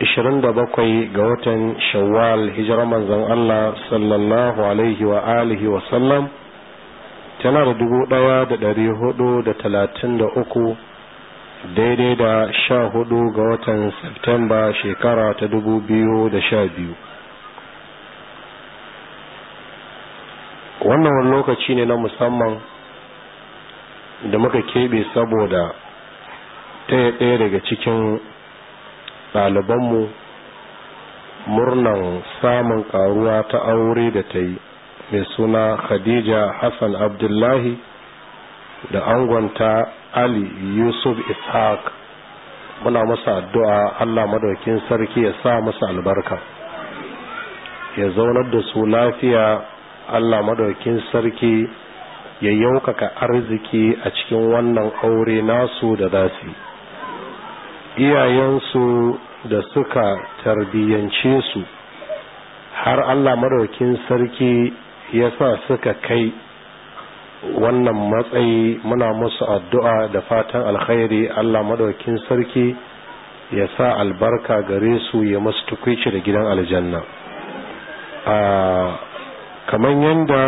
27 ga watan shawwal hijirar manzan Allah sallallahu alaihi wa alihi wa sallam tana da dubu daya da dari hudu da talatin da uku daidai da sha hudu ga watan Septemba shekara ta dubu biyu da sha biyu wannan wani lokaci ne na musamman da muka keɓe saboda ta ɗaya daga cikin ɗalibanmu murnan samun ƙaruwa ta aure da ta yi mai suna khadija hassan abdullahi da angonta ali yusuf ishaq muna masa addu'a allah madaukin sarki ya sa masa albarka ya zaunar da su lafiya allah madaukin sarki ya yaukaka arziki a cikin wannan aure nasu da dasi iyayensu da suka tarbiyyance su har Allah maɗaukin sarki ya sa suka kai wannan matsayi muna musu addu'a da fatan alkhairi Allah maɗaukin sarki ya sa albarka gare su ya masu tukwici da gidan aljanna kamar yadda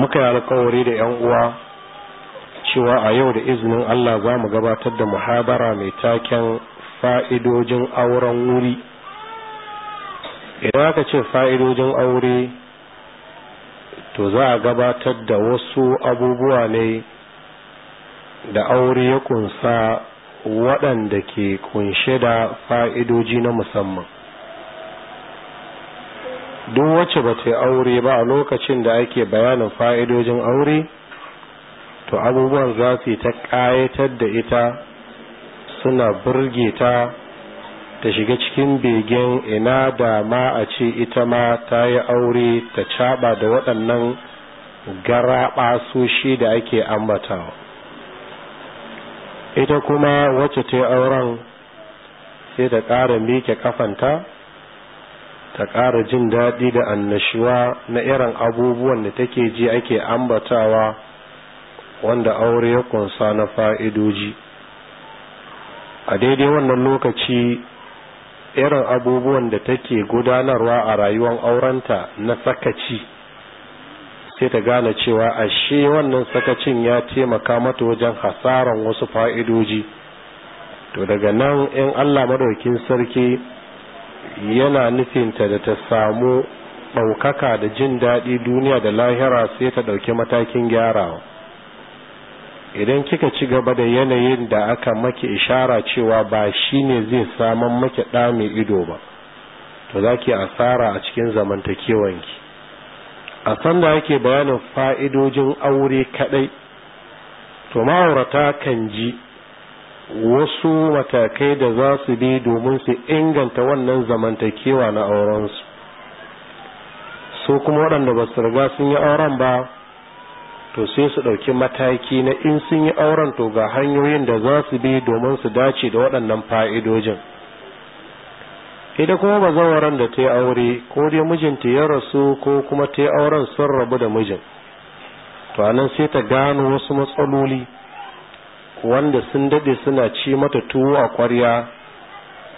muka yi alkawari da 'yan uwa cewa a yau da izinin Allah za mu gabatar da muhabara mai taken fa'idojin auren wuri idan aka ce fa'idojin aure to za a gabatar da wasu abubuwa ne da aure ya kunsa waɗanda ke kunshe da fa'idoji na musamman duk wacce ba ta aure ba a lokacin da ake bayanin fa'idojin aure to abubuwan za su ta ƙayatar da ita suna burge ta ta shiga cikin begen ina da ma a ce ita ma ta yi aure ta caɓa da waɗannan garaɓa shi da ake ambatawa ita kuma wacce ta yi auren sai ta ƙara miƙe kafanta ta ƙara jin daɗi da annashuwa na irin abubuwan da take ji ake ambatawa wanda aure ya kunsa na fa'idoji a daidai wannan lokaci irin abubuwan da take gudanarwa a rayuwar aurenta na sakaci sai ta gane cewa ashe wannan sakacin ya taimaka mata wajen hasaran wasu fa'idoji to daga nan in allah madaukin sarki yana nufinta da ta samu ɗaukaka da jin daɗi duniya da lahira sai ta ɗauki matakin gyarawa idan kika ci gaba da yanayin da aka maki ishara cewa ba shi ne zai saman maki ɗa mai ido ba to za ki asara a cikin zamantakewanki a sanda yake bayanin fa'idojin aure kaɗai to ma'aurata kan ji wasu matakai da za su bi domin su inganta wannan zamantakewa na aurensu su kuma waɗanda ba su riga sun yi auren ba to sai su ɗauki mataki na in sun yi auren to ga hanyoyin da za su bi domin su dace da waɗannan fa'idojin idan kuma ba bazawaran da ta yi aure ko dai mijinta ya rasu ko kuma ta yi auren sun rabu da mijin to anan sai ta gano wasu matsaloli wanda sun daɗe suna ci mata tuwo a kwarya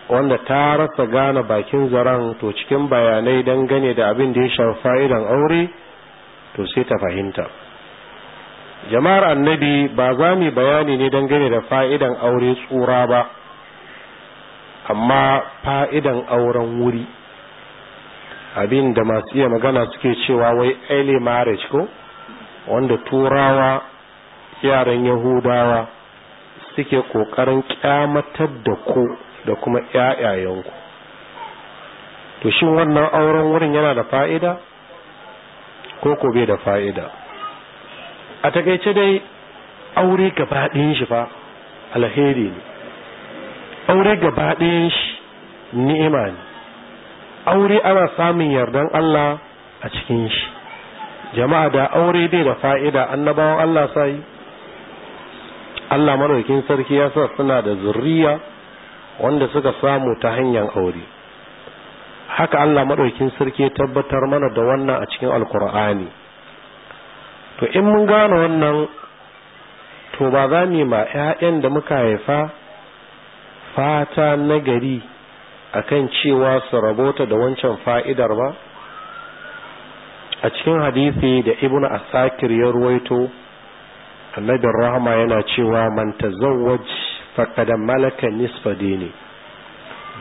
wanda ta rasa gane bakin zaren to cikin bayanai dangane da abin da ya shafa fa'idan aure to sai ta fahimta jama'ar annabi ba za mu bayani ne dangane da fa'idan aure tsura ba amma fa'idan auren wuri abin da masu iya magana suke cewa wai early marriage ko wanda turawa yaran yahudawa suke ƙoƙarin kyamatar da ku da kuma yayayanku to shin wannan auren wurin yana da fa'ida ko ko bai da fa'ida a takaice dai aure gaba ɗin shi fa alheri ne aure gaba ɗin shi ni'ima ne aure ana samun yardan Allah a cikin shi jama'a da aure bai da fa'ida annabawan Allah sai Allah madaukin sarki ya sa suna da zurriya wanda suka samu ta hanyar aure haka Allah madaukin sarki ya tabbatar mana da wannan a cikin alkur'ani to in mun gane wannan to ba za mu ma 'ya'yan da muka haifa fata nagari akan cewa su rabota da wancan fa'idar ba a cikin hadisi da ibnu asakir ya ruwaito annabin rahama yana cewa man tazawwaj faqad malaka nisfa dini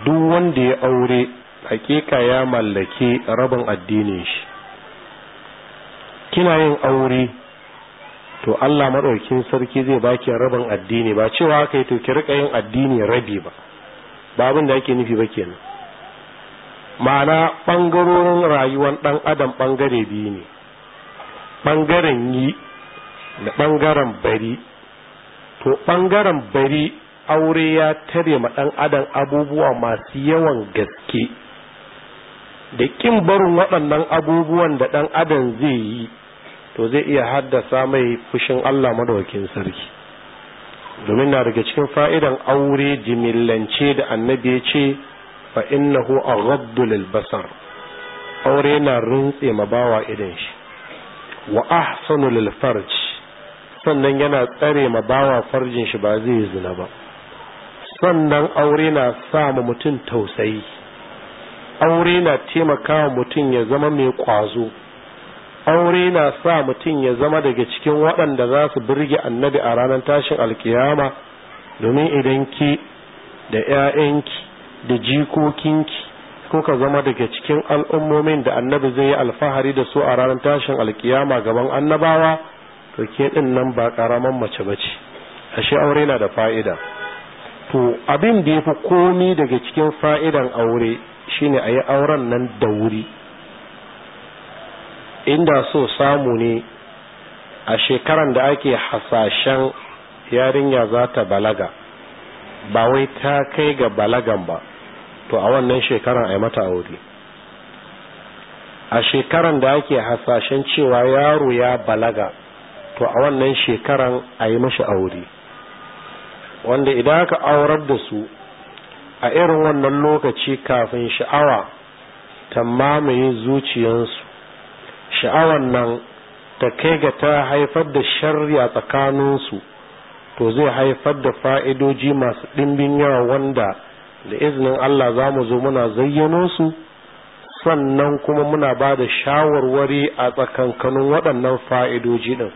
duk wanda ya aure hakika ya mallake rabin addinin shi kina yin aure to Allah madaukin sarki zai baki rabin addini ba cewa kai to ki rika yin addini rabi ba ba abin da ake nufi ba kenan ma'ana bangarorin rayuwar dan adam bangare biyu ne bangaren yi da bangaren bari to bangaren bari aure ya tare ma dan adam abubuwa masu yawan gaske da kin barin waɗannan abubuwan da dan adam zai yi to zai iya haddasa mai fushin Allah madawakin sarki domin na daga cikin fa'idan aure jimillance da annabi ya ce fa innahu a lil basar aure na rintse ma bawa idan shi wa ahsanu lil sannan yana tsare ma bawa farjin shi ba zai zina ba sannan aure na sa ma mutum tausayi aure na taimakawa mutum ya zama mai kwazo aure na sa mutum ya zama daga cikin waɗanda za su birge annabi a ranar tashin alkiyama domin idan ki da 'ya'yanki da jikokinki ko ka zama daga cikin al'ummomin da annabi zai yi alfahari da su a ranar tashin alkiyama gaban annabawa to ke ɗin nan ba ƙaramin mace ba ci. ashe aure na da fa'ida to abin da ya fi komi daga cikin fa'idan aure shine a yi auren nan da wuri inda so samu ne a shekaran da ake hasashen yarinya za ta balaga ba wai ta kai ga balagan ba to a wannan shekaran a yi mata aure a shekaran da ake hasashen cewa yaro ya balaga to a wannan shekaran a yi mashi aure wanda idan aka aurar da su a irin wannan lokaci kafin sha'awa ta mamaye zuciyansu sha'awan nan ta kai ga ta haifar da shari'a a tsakaninsu to zai haifar da fa'idoji masu ɗimbin yawa wanda da izinin Allah za mu zo muna zayyano su sannan kuma muna ba da shawarwari a tsakankanin waɗannan fa'idoji ɗin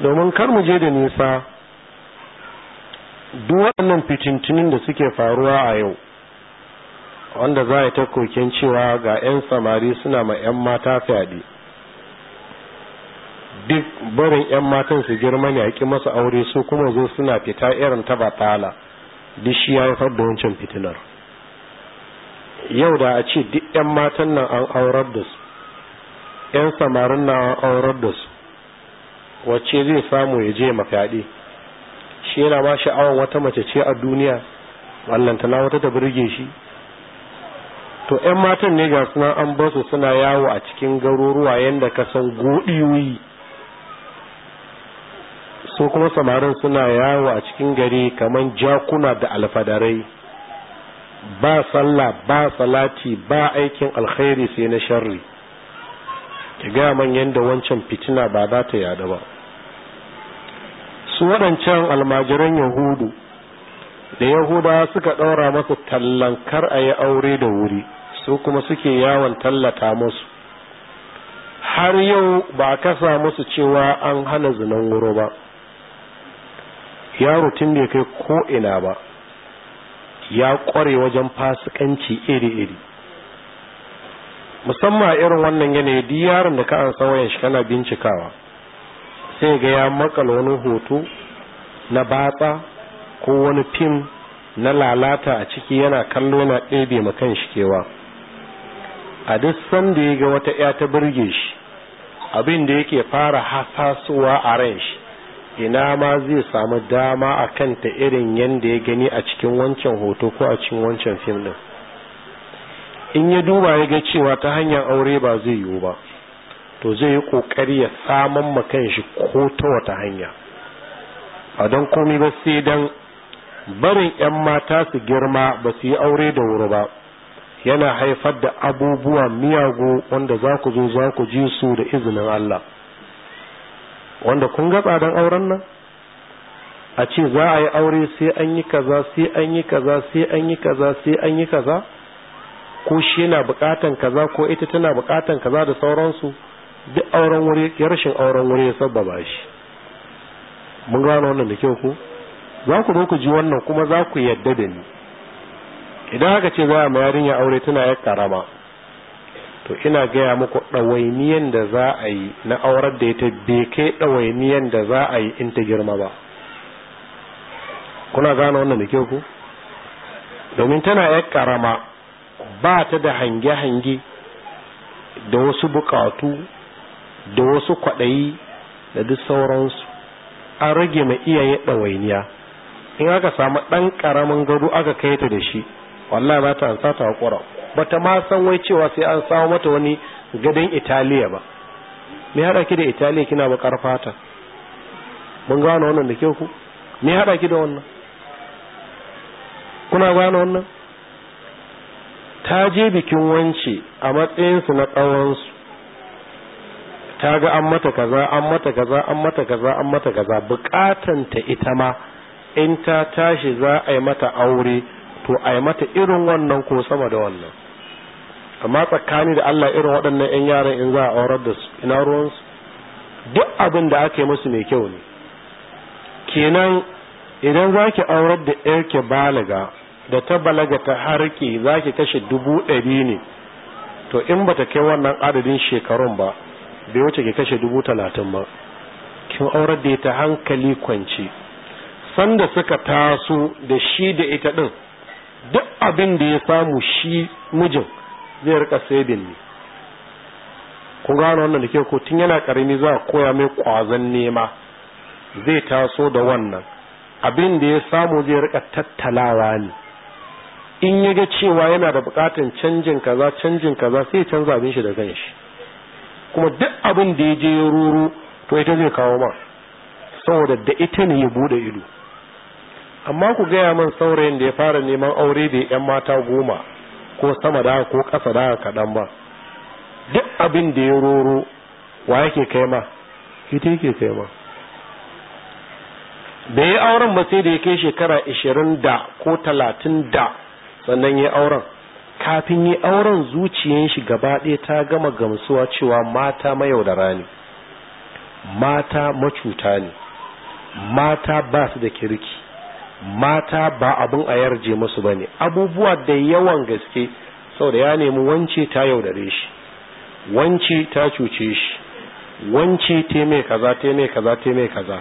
domin kar mu je da nisa duk waɗannan fitintunin da suke faruwa a yau wanda za a ta koken cewa ga 'yan samari suna ma 'yan mata fyaɗe duk barin 'yan matan su girma ne a masa aure su kuma zo suna fita irin ta batala duk shi ya haifar da wancan fitinar yau da a ce duk 'yan matan nan an aurar da su 'yan samarin nan an aurar da su wacce zai samu ya je fyaɗe shi yana ba sha'awar wata mace ce a duniya wannan tana wata ta birge shi to ƴan matan ne ga suna an ba su suna yawo a cikin garuruwa yadda ka san godiyoyi su kuma samarin suna yawo a cikin gari kamar jakuna da alfadarai ba sallah ba salati ba aikin alkhairi sai na sharri ki gaya man yadda wancan fitina ba za ta yada ba su waɗancan almajiran yahudu da Yahudawa suka ɗaura masa tallan kar a yi aure da wuri su kuma suke yawon tallata musu har yau ba kasa musu cewa an hana zinan wuro ba yaro tun da kai ko ina ba ya kware wajen fasikanci iri-iri musamman irin wannan yanayi duk yaron da ka an wayan shi kana bincikawa sai ga ya makala wani hoto na batsa ko wani fim na lalata a ciki yana kallo yana ɗebe ma kan shi kewa a duk sanda ya ga wata ya ta birge shi abin da yake fara hasasuwa a ran shi ina ma zai samu dama a kanta irin yadda ya gani a cikin wancan hoto ko a cikin wancan fim din in ya duba ya ga cewa ta hanyar aure ba zai yiwu ba to zai yi kokari ya saman ma kan shi ko ta wata hanya a don komai ba sai dan barin 'yan mata su girma ba su yi aure da wuri ba yana haifar da abubuwa miyagu wanda za ku zo za ku ji su da izinin Allah wanda kun ga tsadan auren nan a ce za a yi aure sai an yi kaza sai an yi kaza sai an yi kaza sai an yi kaza ko shi yana bukatan kaza ko ita tana bukatan kaza da sauransu duk auren wuri ya rashin auren wuri ya sabbaba shi mun gano wannan da kyau ko za ku zo ku ji wannan kuma za ku yadda da ni idan aka ce za a mayarin ya aure tana ya karama to ina gaya muku ɗawainiyan da za a yi na aurar da ita bai kai ɗawainiyan da za a yi in ta girma ba kuna gane wannan da ke ku domin tana ya karama ba ta da hange-hange da wasu bukatu da wasu kwaɗayi da duk sauransu an rage ma iyaye ɗawainiya in aka samu ɗan ƙaramin gado aka kai ta da shi wallahi ba ta sa ta hakura ba ta ma san wai cewa sai an samu mata wani gadon italiya ba me haɗa ki da italiya kina bakar fata mun gano wannan da ke ku me haɗa ki da wannan kuna gano wannan ta je bikin wance a matsayinsu na tsawonsu ta ga an mata kaza an mata kaza an mata kaza an mata kaza bukatanta ita ma in ta tashi za a yi mata aure to a yi mata irin wannan ko sama da wannan amma tsakani da Allah irin waɗannan 'yan yaran in za a aurar da su ina ruwansu duk abin da aka yi musu mai kyau ne kenan idan za ki aurar da 'yarki balaga da ta balaga ta harki za ki kashe dubu ɗari ne to in ba ta kai wannan adadin shekarun ba bai wuce ki kashe dubu talatin ba kin aurar da ita hankali kwance sanda suka taso da shi da ita ɗin duk abin da ya samu shi mijin zai rika sabin ne kun gano wannan da ke ko tun yana karami za a koya mai kwazon nema zai taso da wannan abin da ya samu zai rika tattalawa ne in ya ga cewa yana da bukatan canjin kaza canjin kaza sai canza abin shi da shi kuma duk abin da ya je ruru to ita zai kawo ma saboda da ita ne ya bude ido amma ku gaya min saurayin da ya fara neman aure da yan mata goma ko sama da ko ƙasa da kaɗan ba duk abin da ya roro wa yake kai ma ita yake kai ma da ya auren ba sai da ya kai shekara ishirin da ko talatin da sannan ya auren kafin yi auren zuciyar shi gaba ɗaya ta gama gamsuwa cewa mata mayaudara ne mata macuta ne mata ba su da kirki mata ba abin a yarje musu bane abubuwa da yawan gaske sau da ya nemi wance ta yaudare shi wance ta cuce shi wance te mai kaza te mai kaza te mai kaza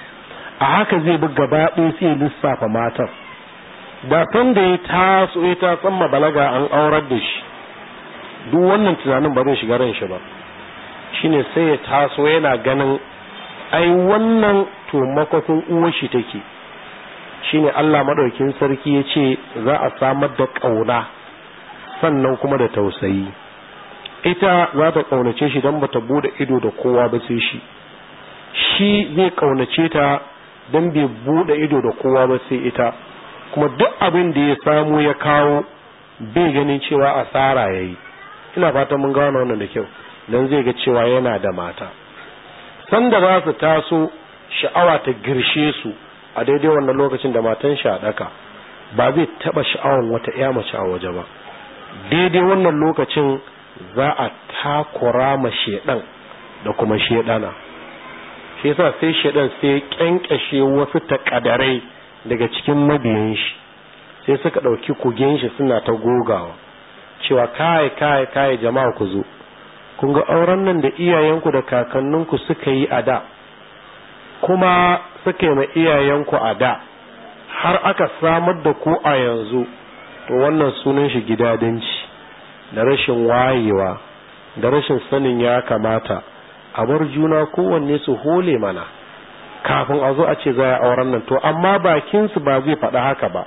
a haka zai buga gaba sai lissafa matan Da tun da ya taso ya tasan balaga an aurar da shi duk wannan tunanin ba zai shiga ran shi ba shine sai ya taso yana ganin ai wannan to makwafin uwar shi take shine Allah maɗaukin sarki ya ce za a samar da ƙauna sannan kuma da tausayi ita za ta ƙaunace shi don ba ta bude ido da kowa ba sai shi shi zai ƙaunace ta don bai bude ido da kowa ba sai ita kuma duk abin da ya samu ya kawo bai ganin cewa asara ya yi ina fata mun gano wannan da kyau don zai ga cewa yana da mata sanda za su taso sha'awa ta girshe su a daidai wannan lokacin da matan shi daka ba zai taba sha'awan wata ya mace a waje ba daidai wannan lokacin za a takura ma shedan da kuma shedana shi yasa sai shedan sai kyankyashe wasu takadarai daga cikin mabiyan shi sai suka dauki kugen shi suna ta gogawa cewa kai kai kai jama'a ku zo kun ga auren nan da iyayenku da kakanninku suka yi a da kuma suke na iyayenku a da har aka samar da ku a yanzu to wannan sunan shi gidadanci da rashin wayewa da rashin sanin ya kamata a bar juna kowanne su hole mana kafin a zo a ce za a auren nan to amma bakinsu ba zai faɗa haka ba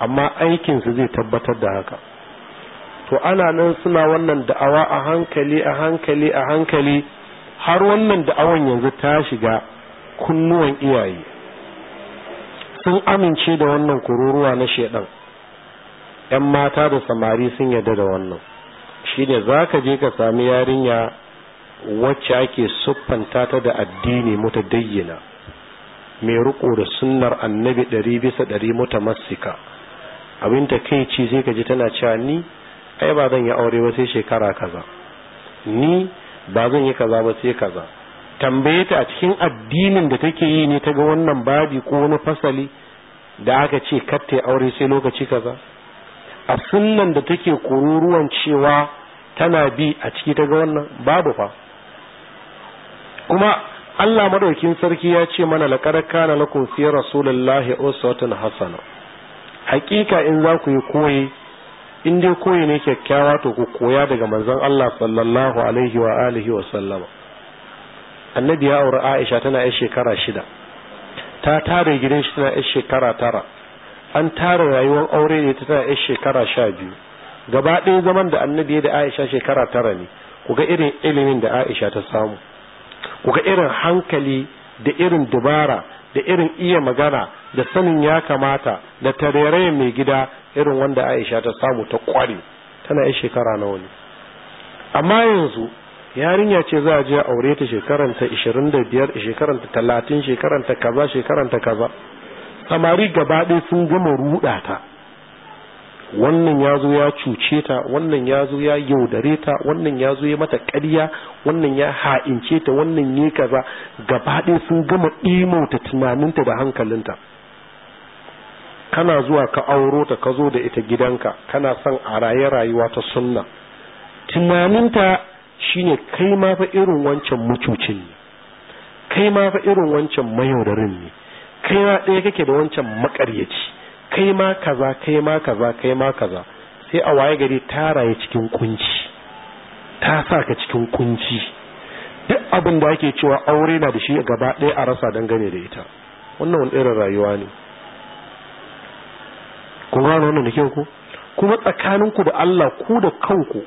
amma aikinsu zai tabbatar da haka to ana nan suna wannan da'awa a hankali a hankali a hankali har wannan da'awan yanzu ta shiga kunnuwan iyaye sun amince da wannan kururuwa na shedan yan mata da samari sun yarda da wannan shine ka je ka sami yarinya wacce ake siffanta ta da addini mutadayyina mai riko da sunnar annabi ɗari bisa ɗari mutamassika abin ta kai ci sai ka ji tana cewa ni ai ba zan yi aure ba sai shekara kaza ni ba zan yi kaza ba sai kaza tambaye ta a cikin addinin da take yi ne ta ga wannan babi ko wani fasali da aka ce katta aure sai lokaci kaza a sunnan da take kururuwan cewa tana bi a ciki ta ga wannan babu fa kuma Allah madaukin sarki ya ce mana laqad kana lakum fi rasulillahi uswatun hasana hakika in za ku yi koyi in dai koyi ne kyakkyawa to ku koya daga manzon Allah sallallahu alaihi wa alihi wa sallama annabi ya aure aisha tana yar shekara shida ta tare gidan shi tana yar shekara tara an tare rayuwar aure ne ta tana yar shekara sha biyu gaba ɗaya zaman da annabi da aisha shekara tara ne ku ga irin ilimin da aisha ta samu ku ga irin hankali da irin dubara da irin iya magana da sanin ya kamata da tarere mai gida irin wanda aisha ta samu ta kware tana yar shekara nawa ne amma yanzu yarinya ce za a je aure ta ta 25 ta 30 ta kaza ta kaza samari gaba ɗaya sun gama ruɗa ta wannan ya zo ya cuce ta wannan ya zo ya yaudare ta wannan ya zo ya mata ƙarya wannan ya ha'ince ta wannan ya kaza gaba ɗaya sun gama ɗimauta tunaninta da hankalinta kana zuwa ka auro ta ka zo da ita gidanka kana son a raye rayuwa ta sunna tunaninta Shi ne kai ma irin wancan mucucin ne kai ma irin wancan mayaudarin ne kai ma ɗaya kake da wancan makaryaci kai ma kaza kai ma kaza kai ma kaza sai a waye gari ta ya cikin kunci ta sa ka cikin kunci duk abin da ake cewa aure na da shi gaba ɗaya a rasa dangane da ita wannan wani irin rayuwa ne kun gano wannan da kyau ku kuma tsakaninku da Allah ku da kanku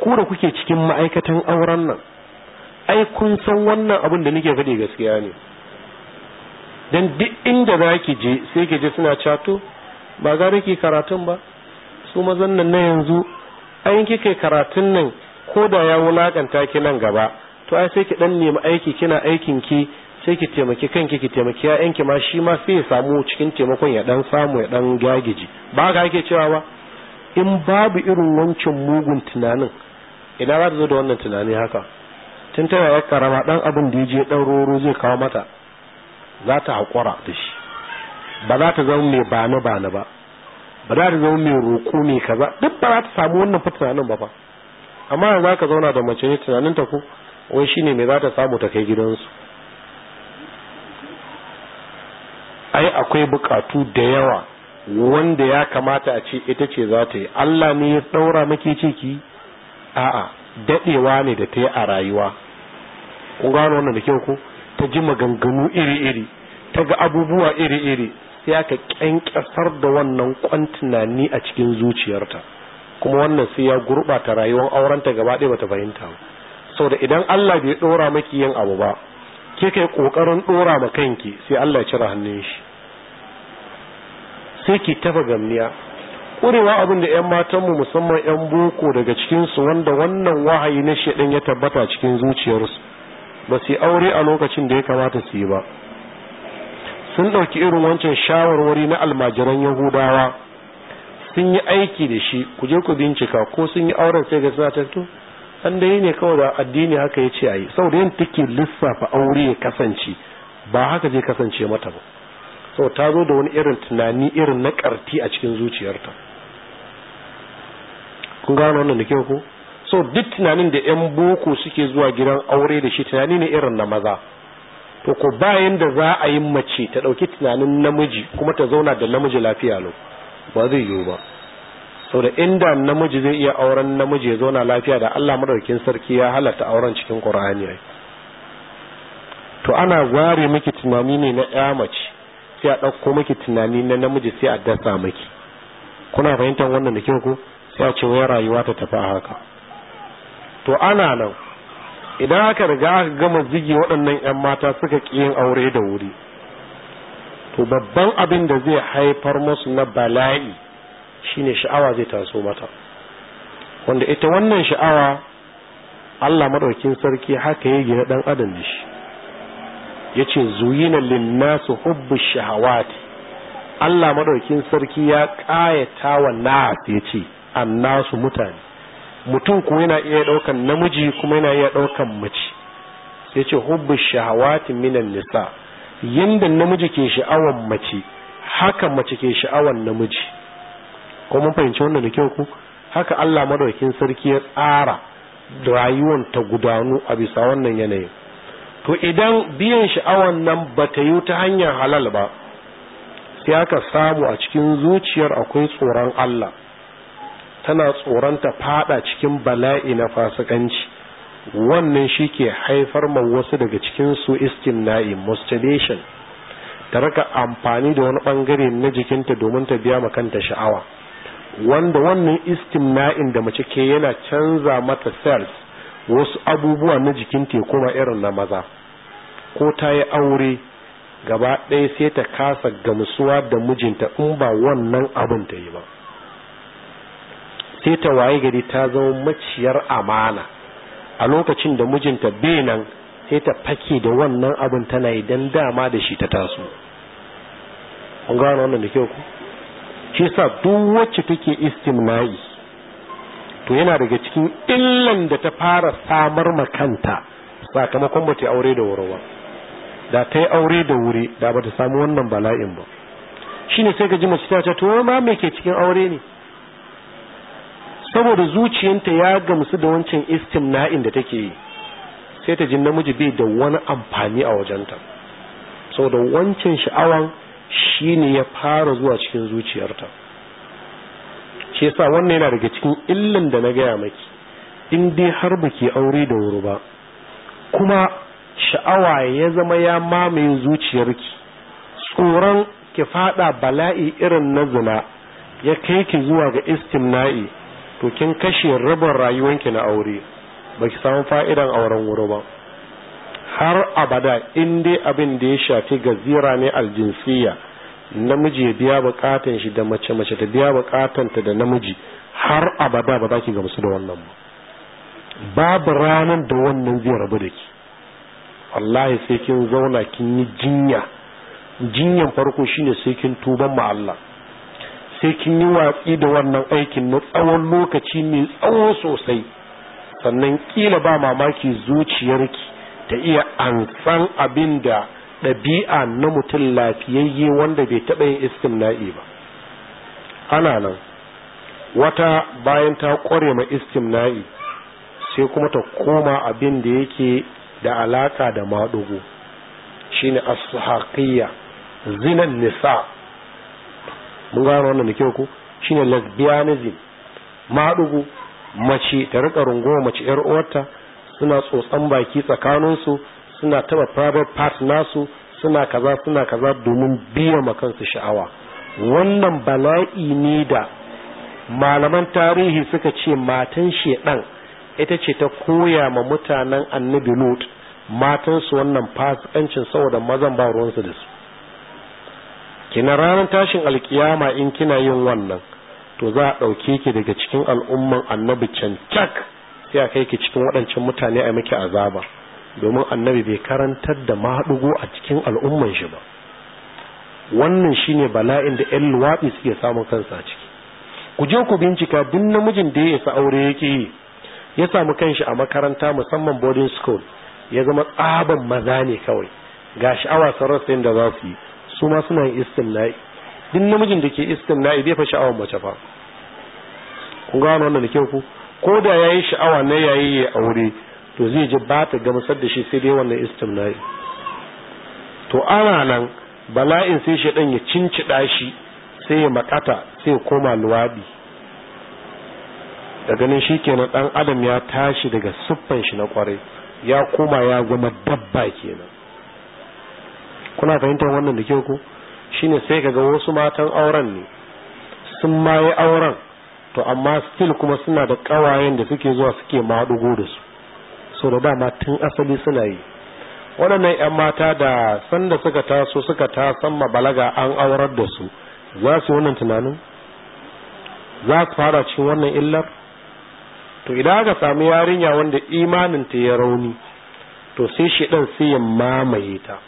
ku da kuke cikin ma'aikatan auren nan ai kun san wannan abin da nake faɗi gaskiya ne dan duk inda za ki je sai ki je suna cato ba gara ki karatun ba su mazan nan na yanzu ai kika karatun nan ko da ya wulakanta ki nan gaba to ai sai ki dan nemi aiki kina aikin ki sai ki taimaki kanki ki taimaki ƴaƴanki ma shi ma sai ya samu cikin taimakon ya dan samu ya dan gagiji ba ga kike cewa ba in babu irin wancan mugun tunanin ina za ta zo da wannan tunani haka tun ta ya karama dan abin da ya je dan roro zai kawo mata za ta haƙura da shi ba za ta zama mai bani bani ba ba za ta zama mai roƙo mai kaza duk ba za ta samu wannan fa tunanin ba ba amma za ka zauna da mace tunanin ta ko wai shine mai za ta samu ta kai gidansu ai akwai bukatu da yawa wanda ya kamata a ce ita ce za ta yi Allah ne ya ɗaura maki ciki a'a dadewa ne da ta yi a rayuwa kun gano wannan da kyau ko ta ji maganganu iri-iri ta ga abubuwa iri-iri sai aka kyankyasar da wannan kwan tunani a cikin zuciyarta kuma wannan sai ya gurɓata rayuwar aurenta gaba ɗaya bata fahimta ba da idan Allah bai ɗora maki yin abu ba ke kai ƙoƙarin ɗora ma kanki sai Allah ya cire hannun shi sai ki tafa gamniya ƙurewa abin da 'yan matanmu musamman 'yan boko daga cikinsu wanda wannan wahayi na shaɗin ya tabbata cikin zuciyarsu ba su aure a lokacin da ya kamata su yi ba sun ɗauki irin wancan shawarwari na almajiran yahudawa sun yi aiki da shi ku je ku bincika ko sun yi auren sai ga suna tattu an da ne kawai da addini haka ya ce a yi sau da yin take lissafa aure ya kasance ba haka zai kasance mata ba sau ta zo da wani irin tunani irin na karti a cikin zuciyarta kun gano wannan da kyau ko so duk tunanin da yan boko suke zuwa gidan aure da shi tunani ne irin na maza to ko bayan da za a yi mace ta ɗauki tunanin namiji kuma ta zauna da namiji lafiya lo, ba zai yiwu ba da inda namiji zai iya auren namiji ya zauna lafiya da Allah madaukakin sarki ya halatta auren cikin Qur'ani ai to ana ware miki tunani ne na ya mace sai a ɗauko miki tunani na namiji sai a dasa miki kuna fahimtar wannan da kyau ko sai ce wai rayuwa ta tafi haka to ana nan idan aka riga aka gama zigi waɗannan 'yan mata suka ƙi aure da wuri to babban abin da zai haifar musu na bala'i shine sha'awa zai taso mata wanda ita wannan sha'awa Allah maɗaukin sarki haka ya gina ɗan adam da shi ya ce zuyina linnasu hubbu shahawati Allah maɗaukin sarki ya ƙayata wa nas ya ce annasu mutane mutum kuma yana iya ɗaukan namiji kuma yana iya ɗaukan mace yace ce hubbu shahawati minan nisa yanda namiji ke sha'awan mace haka mace ke sha'awan namiji ko mun fahimci wannan da kyau ku haka Allah madaukakin sarki ya tsara rayuwar ta gudanu a bisa wannan yanayin to idan biyan sha'awan nan ba ta yi ta hanyar halal ba sai aka samu a cikin zuciyar akwai tsoron Allah tana tsoron ta fada cikin bala'i na fasikanci wannan shi ke haifar ma wasu daga cikin su iskin na'i masturbation ta raka amfani da wani bangare na jikinta domin ta biya makanta sha'awa wanda wannan iskin na'in da mace ke yana canza mata cells wasu abubuwa na jikinta kuma irin na maza ko ta yi aure gaba ɗaya sai ta kasa gamsuwa da mijinta in ba wannan abin ta yi ba sai ta waye gari ta zama maciyar amana a lokacin da mijinta benan sai ta fake da wannan abin tana yi idan dama da shi ta taso an gano wannan da kyau ku shi sa duk wacce take istimna'i to yana daga cikin illan da ta fara samar makanta sakamakon ba ta aure da wuri da ta yi aure da wuri da ba ta samu wannan bala'in ba shine sai ka ji mace ta ce to ma me ke cikin aure ne saboda zuciyanta ya gamsu da wancan istimna'in da take yi sai ta ji namiji bai da wani amfani a wajenta saboda wancan sha'awan shine ya fara zuwa cikin zuciyarta shi yasa wannan yana daga cikin illan da na gaya maki in dai har baki aure da wuri ba kuma sha'awa ya zama ya mamaye zuciyarki tsoron ki fada bala'i irin na zina ya kai ki zuwa ga istimna'i to kin kashe rabin rayuwanki na aure baki samu fa'idan auren wuri ba har abada in dai abin da ya shafi gazira ne aljinsiya namiji ya biya bukatan shi da mace mace ta biya bukatan ta da namiji har abada ba za ki gamsu da wannan ba babu ranar da wannan zai rabu da ki wallahi sai kin zauna kin yi jinya jinyan farko shine sai kin tuban ma Allah sai kin yi watsi da wannan aikin na tsawon lokaci mai tsawo sosai sannan kila ba mamaki zuciyarki ta iya ansan abin da ɗabi'a na mutum lafiyayye wanda bai taɓa yin istimna'i ba ana nan wata bayan ta ƙware ma istimna'i sai kuma ta koma abin da yake da alaƙa da maɗugo shine as-suhaqiyya zinan nisa' mun gano wannan da kyau ko shine lesbianism maɗugu mace ta rika rungoma mace yar uwarta suna tsotsan baki tsakaninsu suna taba private part nasu suna kaza suna kaza domin biya ma kansu sha'awa wannan bala'i ne da malaman tarihi suka ce matan shedan ita ce ta koya ma mutanen annabi lot matansu wannan fasikancin saboda mazan ba ruwansu da su kenan ranar tashin alkiyama in kina yin wannan to za a ɗauke ki daga cikin al'umman annabi cancak sai a kai ki cikin waɗancan mutane a miki azaba domin annabi bai karantar da mahaɗugo a cikin al'umman shi ba wannan shine bala'in da 'yan luwaɗi suke samun kansa a ciki ku je ku bincika duk namijin da ya isa aure yake yi ya samu kanshi a makaranta musamman boarding school ya zama tsaban maza ne kawai ga sha'awa sun rasa da za su yi su ma suna yin na'i duk namijin da ke na'i bai fa sha'awar mace fa kun gano wannan da kyau ku ko da yayi sha'awa na yayi ya aure to zai ji ba ta gamsar da shi sai dai wannan na'i to ana nan bala'in sai shi ya cincida shi sai ya makata sai ya koma luwadi da ganin shi kenan dan adam ya tashi daga siffan shi na kwarai ya koma ya zama dabba kenan kuna fahimtar wannan da kyau ko shine sai kaga wasu matan auren ne sun maye auren to amma still kuma suna da kawayen da suke zuwa suke maɗugo da su so da dama tun asali suna yi waɗannan 'yan mata da sanda suka taso suka tasan balaga an aurar da su za su wannan tunanin za su fara cikin wannan illar to idan aka samu yarinya wanda imaninta ya rauni to sai shi ɗan sai ya mamaye ta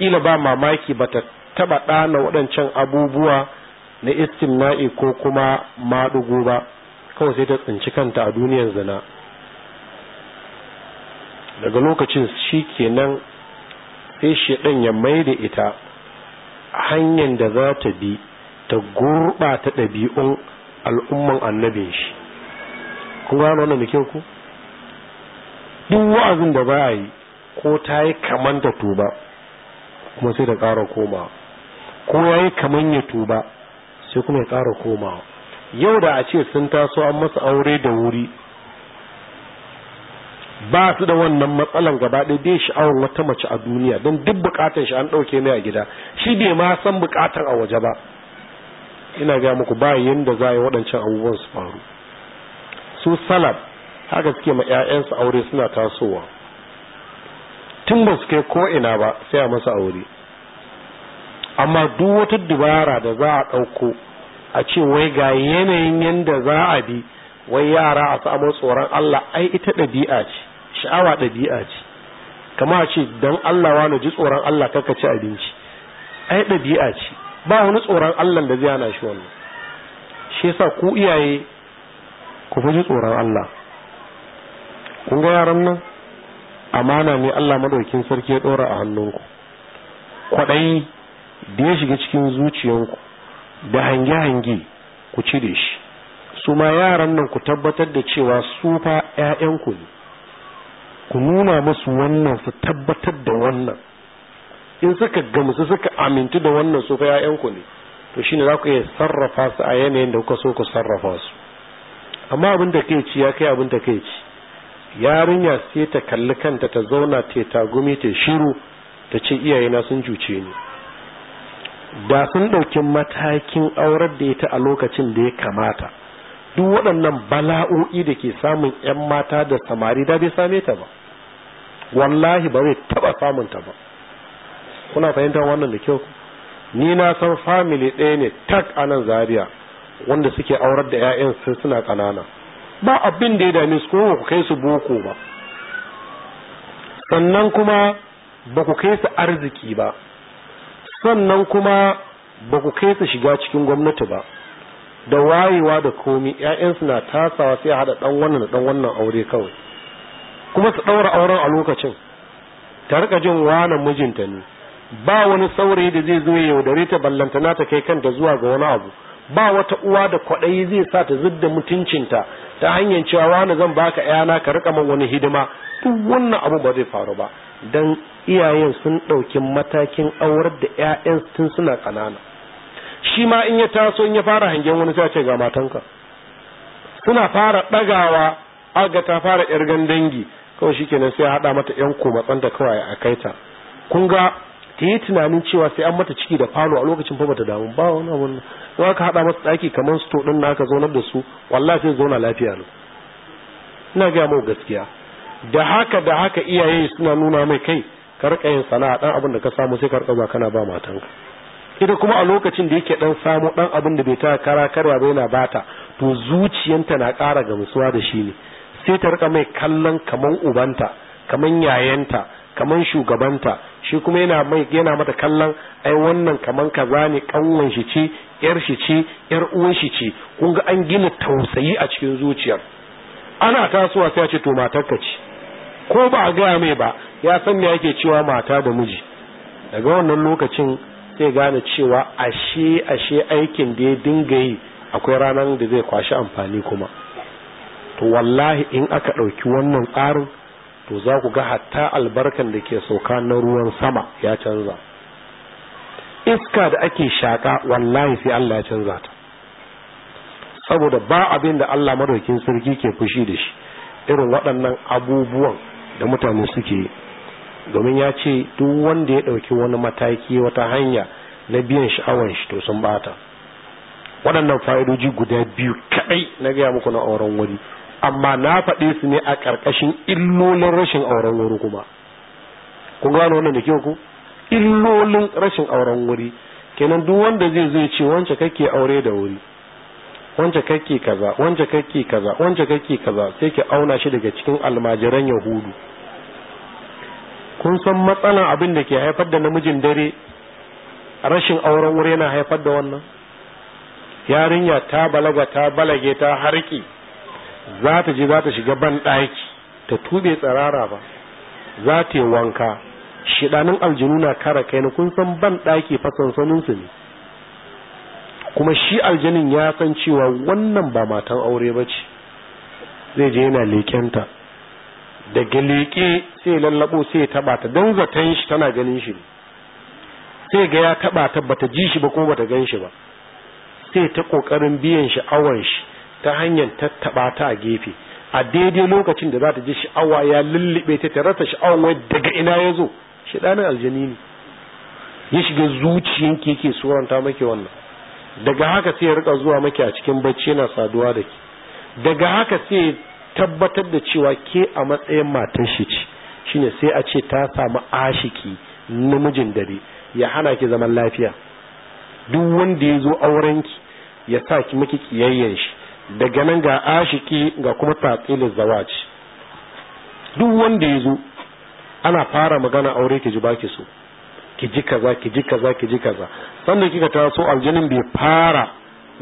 kila ba mamaki ba ta taba ɗana waɗancan abubuwa na istimna'i ko kuma maɗugo ba kawai sai ta tsinci kanta a duniyar zina daga lokacin shi kenan sai shaɗan ya mai da ita hanyar da za ta bi ta gurɓata ɗabi'un al'umman annabin shi kun gano wannan da ku duk wa'azin da ba a yi ko ta yi kamanta tuba kuma sai da ƙara komawa kowa ya kaman ya tuba sai kuma ya ƙara komawa yau da a ce sun taso an masa aure da wuri ba su da wannan matsalan gaba ɗaya dai sha'awar wata mace a duniya don duk bukatar shi an ɗauke ne a gida shi bai ma san bukatar a waje ba ina ga muku ba yanda za a yi waɗancan abubuwan su faru su salab haka suke ma 'ya'yansu aure suna tasowa tun ba su kai ko ina ba sai a masa aure amma duk wata dubara da za a ɗauko a ce wai ga yanayin yadda za a bi wai yara a samu tsoron Allah ai ita ɗabi'a ce sha'awa ɗabi'a ce kama a ce don Allah wani ji tsoron Allah kaka ci abinci ai ɗabi'a ce ba wani tsoron Allah da zai hana shi wannan shi yasa ku iyaye ku fi ji tsoron Allah kun ga yaran nan amana ne Allah madaukin sarki ya ɗora a hannunku kwaɗayi da ya shiga cikin zuciyanku da hange-hange ku cire shi su ma yaran nan ku tabbatar da cewa su fa ƴaƴanku ne ku nuna musu wannan su tabbatar da wannan in suka gamsu suka amintu da wannan su fa ƴaƴanku ne to shine za ku iya sarrafa su a yanayin da kuka so ku sarrafa su amma abin da kai ci ya kai abin da kai ci yarinya sai ta kalli kanta ta zauna ta tagumi ta shiru ta ce iyayena sun juce ni da sun ɗauki matakin aurar da ita a lokacin da ya kamata duk waɗannan bala'o'i da ke samun 'yan mata da samari da bai same ta ba wallahi ba zai taɓa samun ta ba kuna fahimtar wannan da kyau ni na san family ɗaya ne tak anan nan zaria wanda suke aurar da 'ya'yan suna ƙanana ba abin da ya dame su kuma ku kai su boko ba sannan kuma ba ku kai su arziki ba sannan kuma ba ku kai su shiga cikin gwamnati ba da wayewa da komi 'ya'yansu na tasawa sai haɗa ɗan wannan da ɗan wannan aure kawai kuma su ɗaura auren a lokacin ta rika jin wani mijinta ne ba wani saurayi da zai zo ya yaudare ta ballantana ta kai kanta zuwa ga wani abu ba wata uwa da kwaɗayi zai sa ta zidda mutuncinta ta hanyar cewa wani zan baka yana ka rika man wani hidima duk wannan abu ba zai faru ba dan iyayen sun ɗauki matakin aurar da ƴaƴan tun suna kanana. shi ma in ya taso in ya fara hangen wani sai ce ga matanka suna fara ɗagawa aga ta fara ƴar dangi kawai shikenan sai ya haɗa mata ƴan komatsanta kawai a kaita kun ga ta yi tunanin cewa sai an mata ciki da falo a lokacin fa bata damu ba wani abu in aka haɗa masa daki kamar sto na ka zaunar da su wallah sai zauna lafiya ne ina gaya mu gaskiya da haka da haka iyaye suna nuna mai kai ka rika yin sana'a ɗan abin da ka samu sai ka zuwa ba kana ba matanka ita kuma a lokacin da yake ɗan samu dan abin da bai ta kara karya ba yana bata to zuciyanta na ƙara gamsuwa da shi ne sai ta rika mai kallon kaman ubanta kaman yayanta kaman shugabanta shi kuma yana mai yana mata kallon ai wannan kaman kaza ne kanwan shi ce yar shi ce yar uwan shi ce kun ga an gina tausayi a cikin zuciyar ana tasowa sai a ce to matarka ce ko ba a gaya mai ba ya san me yake cewa mata da miji daga wannan lokacin sai gane cewa ashe ashe aikin da ya dinga yi akwai ranar da zai kwashi amfani kuma to wallahi in aka ɗauki wannan tsarin to za ku ga hatta albarkan da ke sauka na ruwan sama ya canza iska da ake shaƙa wallahi sai Allah ya canza ta saboda ba abin da Allah madaukin sarki ke fushi da shi irin waɗannan abubuwan da mutane suke yi domin ya ce duk wanda ya ɗauki wani mataki wata hanya na biyan sha'awar shi to sun bata waɗannan fa'idoji guda biyu kaɗai na gaya muku na auren wuri. amma na faɗe su ne a ƙarƙashin illolin rashin auren wuri kuma kun gano wannan da kyau ku illolin rashin auren wuri kenan duk wanda zai zai ce wance kake aure da wuri wance kake kaza wance kake kaza wance kake kaza sai ki auna shi daga cikin almajiran yahudu kun san matsalan abin da ke haifar da namijin dare rashin auren wuri yana haifar da wannan yarinya ta balaga ta balage ta harki za ta je za ta shiga ban ɗaki ta tube tsarara ba za ta yi wanka shidanin aljinu na kara kai na kun san ban ɗaki fa sansaninsu ne kuma shi aljanin ya san cewa wannan ba matan aure ba ce zai je yana lekenta daga leke sai lallabo sai taba ta don zaton shi tana ganin shi ne sai ga ya taba ta bata ji shi ba kuma bata gan shi ba sai ta kokarin biyan shi shi ta hanyar tattaba ta a gefe a daidai lokacin da za ta ji sha'awa ya lullube ta ta rasa sha'awar wai daga ina ya zo Shi ɗanin aljani ne ya shiga zuciyanki yake suranta maki wannan daga haka sai ya rika zuwa maki a cikin bacci yana saduwa da ke daga haka sai tabbatar da cewa ke a matsayin matan shi ce shine sai a ce ta samu ashiki namijin dare ya hana ki zaman lafiya duk wanda ya zo aurenki ya sa ki maki kiyayyen shi daga nan ga ashiki ga kuma tatsilin zawaci duk wanda ya zo ana fara magana aure ki ji baki so ki ji kaza ki ji kaza ki ji kaza sannan kika taso aljinin bai fara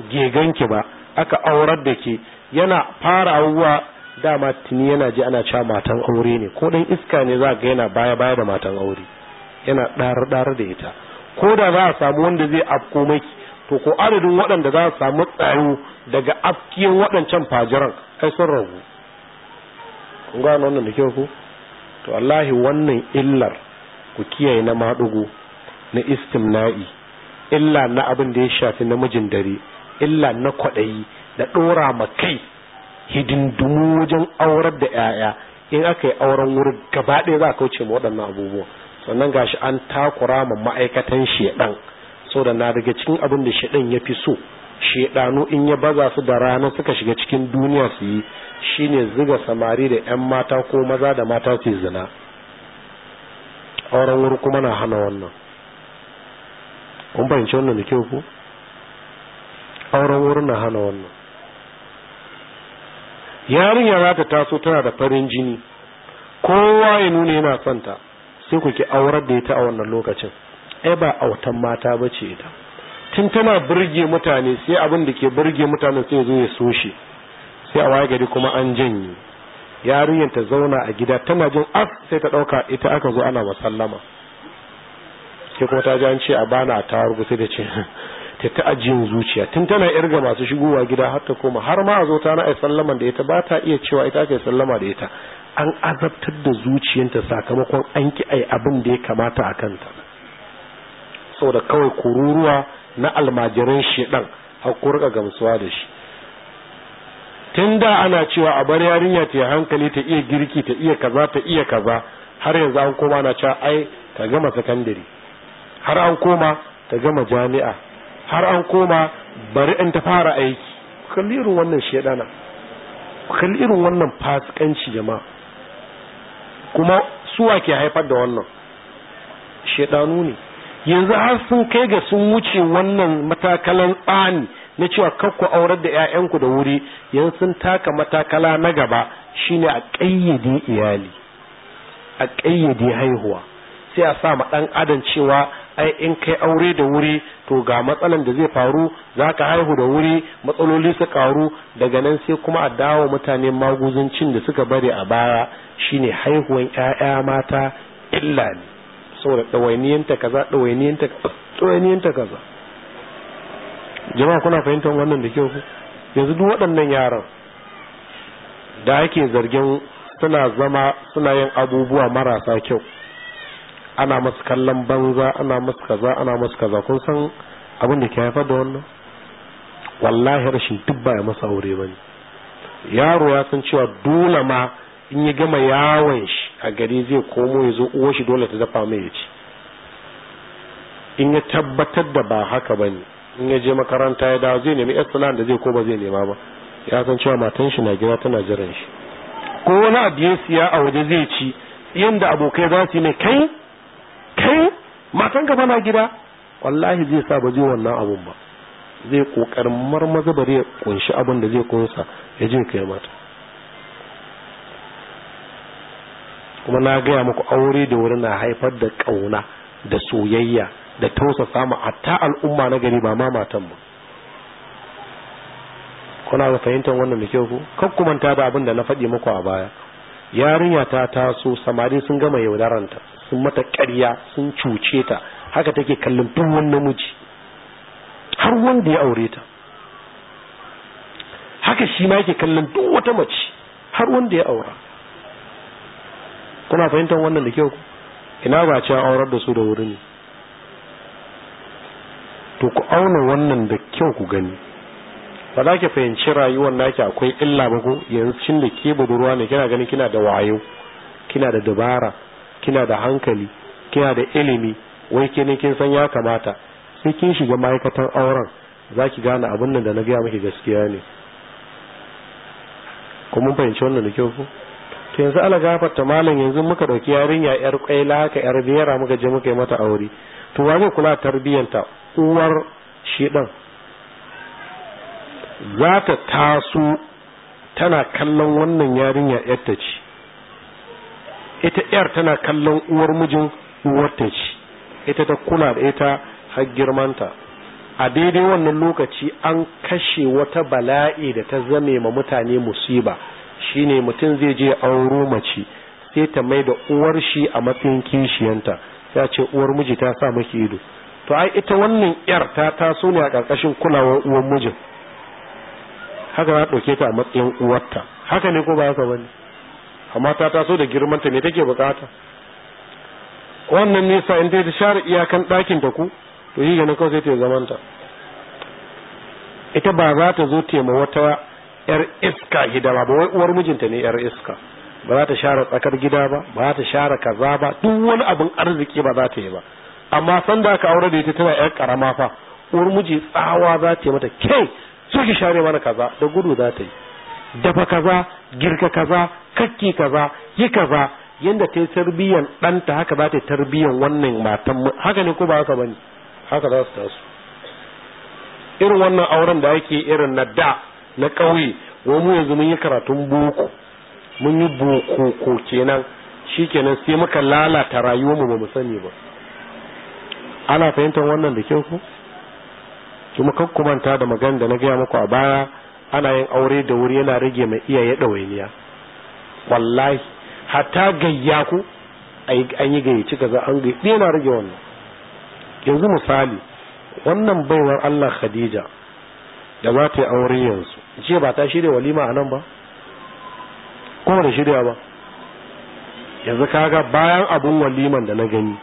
geganki ba aka aurar da ke yana fara abubuwa dama tuni yana ji ana cewa matan aure ne ko dan iska ne za ga yana baya baya da matan aure yana ɗarar ɗarar da ita ko da za a samu wanda zai afko maki to ko adadin waɗanda za su samu tsaro daga afkiyar waɗancan fajiran ai sun ragu kun gano wannan da kyau ku to wallahi wannan illar ku kiyaye na maɗugo na istimna'i illa na abin da ya shafi namijin dare illa na kwaɗayi da ɗora ma kai hidindumu wajen aurar da 'ya'ya in aka yi auren wuri gaba ɗaya za a kauce ma waɗannan abubuwa sannan gashi an takura ma ma'aikatan shedan saboda na daga cikin abin da shaɗan ya fi so shedanu in ya baza su da rana suka shiga cikin duniya su yi shine zuga samari da yan mata ko maza da mata su zina auren wuri kuma na hana wannan kun fahimci wannan da kyau ku auren wuri na hana wannan yarinya za ta taso tana da farin jini kowa ya nuna yana sonta, sai ku ki aurar da ta a wannan lokacin ai ba autan mata ba ce ita tun tana burge mutane sai abin da ke burge mutane sai zo ya soshi, shi sai a wagari kuma an janye yarinyar ta zauna a gida tana jin af sai ta dauka ita aka zo ana masallama ke kuma ta jan ce a bana a tarugu sai da ce ta ta ajiyin zuciya tun tana irga masu shigowa gida har ta koma har ma a zo ta na sallama da ita ba ta iya cewa ita aka sallama da ita an azabtar da zuciyanta sakamakon an ki ai abin da ya kamata a kanta saboda kawai kururuwa na almajiran shedan har ku gamsuwa da shi tun da ana cewa a bar yarinya ta hankali ta iya girki ta iya kaza ta iya kaza har yanzu an koma na cewa ai ta gama sakandare har an koma ta gama jami'a har an koma bari in ta fara aiki kalli irin wannan shedana kalli irin wannan fasikanci jama'a kuma suwa ke haifar da wannan shedanu ne yanzu har sun kai ga sun wuce wannan matakalan tsani na cewa kar ku aurar da 'ya'yanku da wuri yanzu sun taka matakala na gaba shine a ƙayyade iyali a ƙayyade haihuwa sai a sa ma ɗan adam cewa ai in kai aure da wuri to ga matsalan da zai faru za ka haihu da wuri matsaloli su karu daga nan sai kuma a dawo mutane maguzancin da suka bari a baya shine haihuwan 'ya'ya mata illa ne saboda ɗawainiyanta kaza ɗawainiyanta ɗawainiyanta kaza jama'a kuna fahimtar wannan da kyau yanzu duk waɗannan yaran da ake zargin suna zama suna yin abubuwa marasa kyau ana masu kallon banza ana masu kaza ana masu kaza kun san abin da ke haifar da wannan wallahi rashin duk ba ya masa aure bane yaro ya san cewa dole ma in ya gama yawon shi a gari zai komo ya zo uwar shi dole ta dafa mai ya ci in ya tabbatar da ba haka ba ne in ya je makaranta ya dawo zai nemi na da zai ko ba zai nema ba ya san cewa matan shi na gida tana jiran shi ko wani abu ya siya a waje zai ci yanda abokai za su yi mai kai kai matan ka na gida wallahi zai sa ba zai wannan abun ba zai kokarin marmaza bari ya kunshi abin da zai kunsa ya je kai mata kuma na gaya muku aure da wuri na haifar da ƙauna da soyayya da tausasa a hatta al'umma na gari ba ma matan ba kuna da fahimtar wannan da kyau ku kan da abin da na faɗi muku a baya yarinya ta taso samari sun gama yaudaranta sun mata ƙarya sun cuce ta haka take kallon duk wani namiji har wanda ya aure ta haka shi ma yake kallon duk wata mace har wanda ya aura kuna fahimtar wannan da kyau ina ba ce aurar da su da wuri ne to ku auna wannan da kyau ku gani ba za ki fahimci rayuwar naki akwai illa ba ku yanzu cin da ke budurwa ne kina gani kina da wayo kina da dabara kina da hankali kina da ilimi wai ke kin san ya kamata sai kin shiga ma'aikatan auren za ki gane abin nan da na gaya miki gaskiya ne kuma fahimci wannan da kyau ku? to yanzu ala gafarta malam yanzu muka dauki yarinya yar kwaila ka yar biyara muka je muka yi mata aure to wa zai kula tarbiyyanta uwar shi din za ta taso tana kallon wannan yarinya yarta ci. ita yar tana kallon uwar mijin uwar ta ci. ita ta kula da ita har girmanta a daidai wannan lokaci an kashe wata bala'i da ta zame ma mutane musiba shine mutum zai je auro mace sai ta mai da uwar shi a matsayin kishiyanta ya ce uwar miji ta sa maki ido to ai ita wannan yar ta taso ne a karkashin kulawar uwar mijin haka za ɗauke ta a matsayin uwarta haka ne ko ba haka bane amma ta taso da girmanta ne take bukata wannan nisa in ta share iyakan ɗakin ta ku to yi ganin kawai sai ta zamanta ita ba za ta zo tema wata yar iska hidima ba wai uwar mijinta ne yar iska ba za ta share tsakar gida ba ba za ta share kaza ba duk wani abin arziki ba za ta yi ba amma san da aka aure da ita tana yar karama fa uwar miji tsawa za ta yi mata ke so ki share mana kaza da gudu za ta yi dafa kaza girka kaza kakki kaza yi kaza yanda ta yi tarbiyyar ɗanta haka za ta yi tarbiyyar wannan matan haka ne ko ba haka ne haka za su taso irin wannan auren da ake irin na da na ƙauye wani mu yanzu mun yi karatun boko mun yi boko kenan kenan sai muka lalata rayuwarmu ba mu sani ba ana fahimtar wannan da kyau ko kuma manta da magana da na gaya muku a baya ana yin aure da wuri yana rage mai iyaye ɗawainiya wallahi hatta gayya ku an yi gayyaci za an gayyaci yana rage wannan yanzu misali wannan baiwar Allah Khadija da za ta yi aure yanzu ce ba ta shirya walima a nan ba kuma da shirya ba yanzu kaga bayan abun waliman da na gani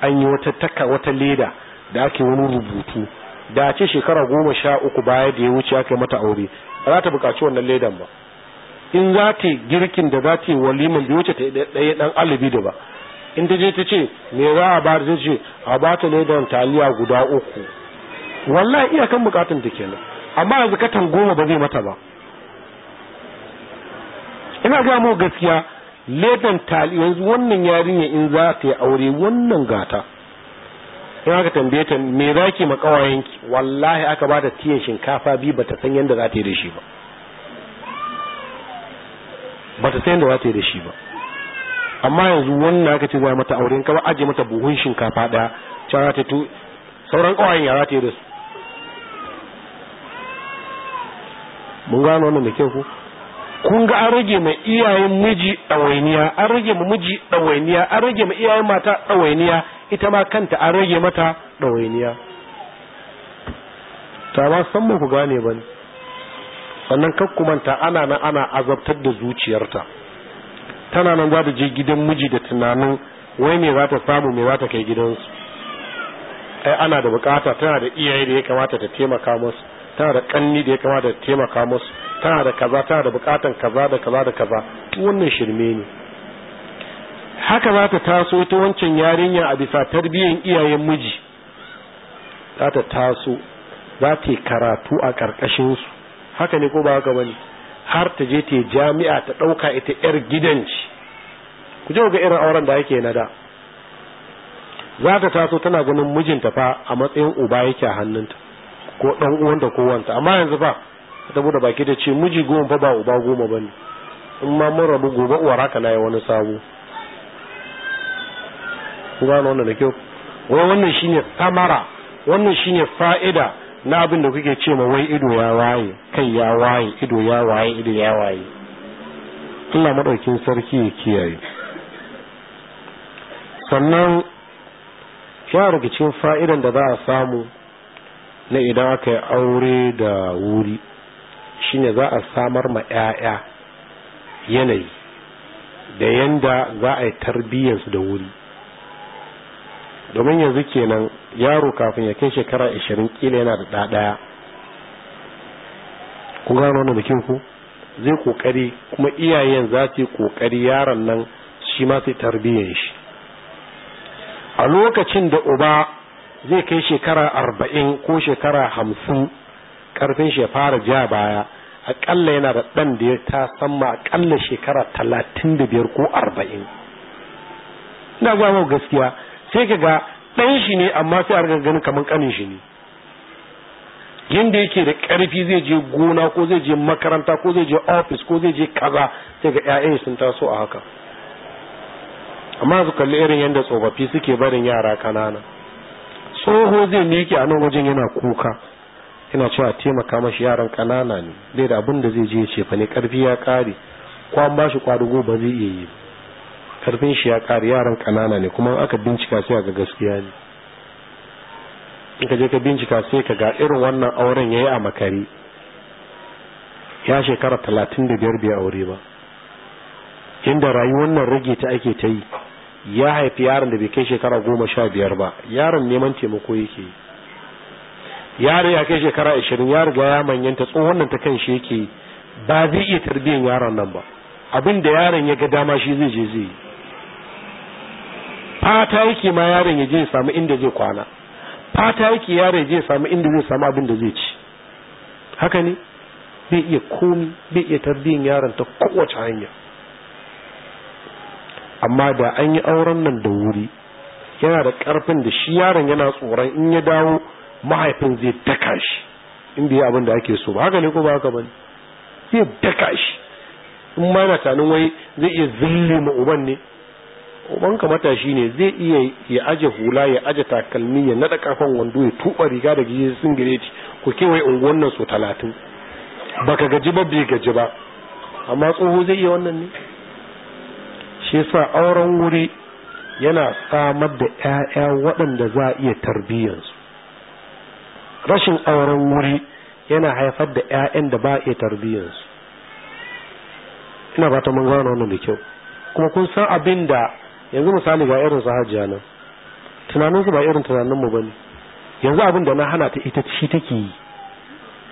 an yi wata taka wata leda da ake wani rubutu da ce shekara goma sha uku baya da ya wuce aka mata aure ba za ta buƙaci wannan ledan ba in za ta girkin da za ta waliman da wuce ta ɗaya ɗan alibi da ba in ta je ta ce me za a ba zai ce a ba ta ledan taliya guda uku wallahi iyakan bukatun ta kenan amma yanzu katan goma ba zai mata ba ina ga mu gaskiya ledan tali yanzu wannan yarinya in za ta yi aure wannan gata ina ga tambaye ta me za ki kawayenki wallahi aka ba ta tiyan shinkafa bi ba ta san yadda za ta yi da shi ba ba ta san yadda za ta yi da shi ba amma yanzu wannan aka ce za mata aure in ka ba aje mata buhun shinkafa daya cewa ta to sauran kawayen ya za ta yi da su mun gano wannan da kyau ko kun ga an rage ma iyayen miji ɗawainiya an rage ma miji ɗawainiya an rage ma iyayen mata ɗawainiya ita ma kanta an rage mata ɗawainiya ta ma san ba ku gane ba ne sannan kakkumanta ana nan ana azabtar da zuciyarta tana nan za ta je gidan miji da tunanin wai me za ta samu mai za ta kai gidansu ai ana da bukata tana da iyaye da ya kamata ta taimaka masu tana da kanni da ya kamata da taimaka musu tana da kaza tana da bukatan kaza da kaza da kaza wannan shirme ne haka za ta taso ta wancan yarinya a bisa tarbiyyar iyayen miji za ta taso za ta yi karatu a karkashinsu haka ne ko ba haka bane har ta je ta jami'a ta ɗauka ita 'yar gidanci ku je ga irin auren da yake na da za ta taso tana ganin mijinta fa a matsayin uba yake a hannunta ko dan uwanta ko wanta amma yanzu fa ta bude baki ta ce miji goma fa ba uba goma bane in ma mun rabu gobe uwar haka nayi wani sabo ku gano wannan da kyau wai wannan shine tamara wannan shine fa'ida na abin da kuke ce ma wai ido ya waye kai ya waye ido ya waye ido ya waye Allah madaukin sarki ya kiyaye sannan ya daga fa'idan da za a samu na idan aka yi aure da wuri shine za a samar ma 'ya'ya yanayi da yanda za a yi tarbiyyarsu da wuri domin yanzu kenan yaro kafin ya kai shekara ashirin kila yana da ɗaɗaya ku gano wannan bikin ku zai kokari kuma iyayen za su yi kokari yaron nan shi ma sai tarbiyyar shi a lokacin da uba zai kai shekara arba'in ko shekara hamsin karfin shi ya fara ja baya akalla yana da ɗan da ya ta samma aƙalla shekara talatin da biyar ko arba'in ina gwa gaskiya sai ka ga ɗan shi ne amma sai a riga ganin kamar ƙanin shi ne yadda yake da ƙarfi zai je gona ko zai je makaranta ko zai je ofis ko zai je kaza sai ga 'ya'yan sun taso a haka amma su kalli irin yadda tsofaffi suke barin yara kanana tsoho zai miƙe a nan wajen yana kuka yana cewa taimaka mashi yaran kanana ne zai da abin da zai je ce fa ne ƙarfi ya kare ko an ba shi kwadugo ba zai iya yi karfin shi ya ƙare yaran kanana ne kuma aka bincika sai ga gaskiya ne in ka je ka bincika sai ka ga irin wannan auren ya yi a makare ya shekara talatin da biyar bai aure ba inda rayuwar nan rage ta ake ta yi ya haifi yaron da bai kai shekara goma sha biyar ba yaron neman taimako yake yaro ya kai shekara ashirin ya riga ya manyanta tsohon nan ta kan shi yake ba zai iya tarbiyyar yaron nan ba abin da yaron ya ga dama shi zai je zai fata yake ma yaron ya je ya samu inda zai kwana fata yake yaron ya je ya samu inda zai samu abin da zai ci haka ne bai iya komi bai iya tarbiyyar yaron ta kowace hanya amma da an yi auren nan da wuri yana da karfin da shi yaron yana tsoron in ya dawo mahaifin zai daka shi in bai abin da ake so ba haka ne ko ba haka bane zai daka shi in ma yana tanin wai zai iya zille ma uban ne uban ka matashi ne zai iya ya aje hula ya aje takalmi ya nada kafan wando ya tuba riga da gidan singireti ko kewaye unguwan nan so talatin baka gaji ba bai gaji ba amma tsoho zai iya wannan ne shi yasa auren wuri yana samar da ƴaƴa waɗanda za a iya tarbiyyansu rashin auren wuri yana haifar da 'ya'yan da ba a iya tarbiyyansu ina ba ta mun gano wannan da kyau kuma kun san abin da yanzu misali ga irin sahajiya nan tunaninsu ba irin tunaninmu ba ne yanzu abin da na hana ta ita shi take yi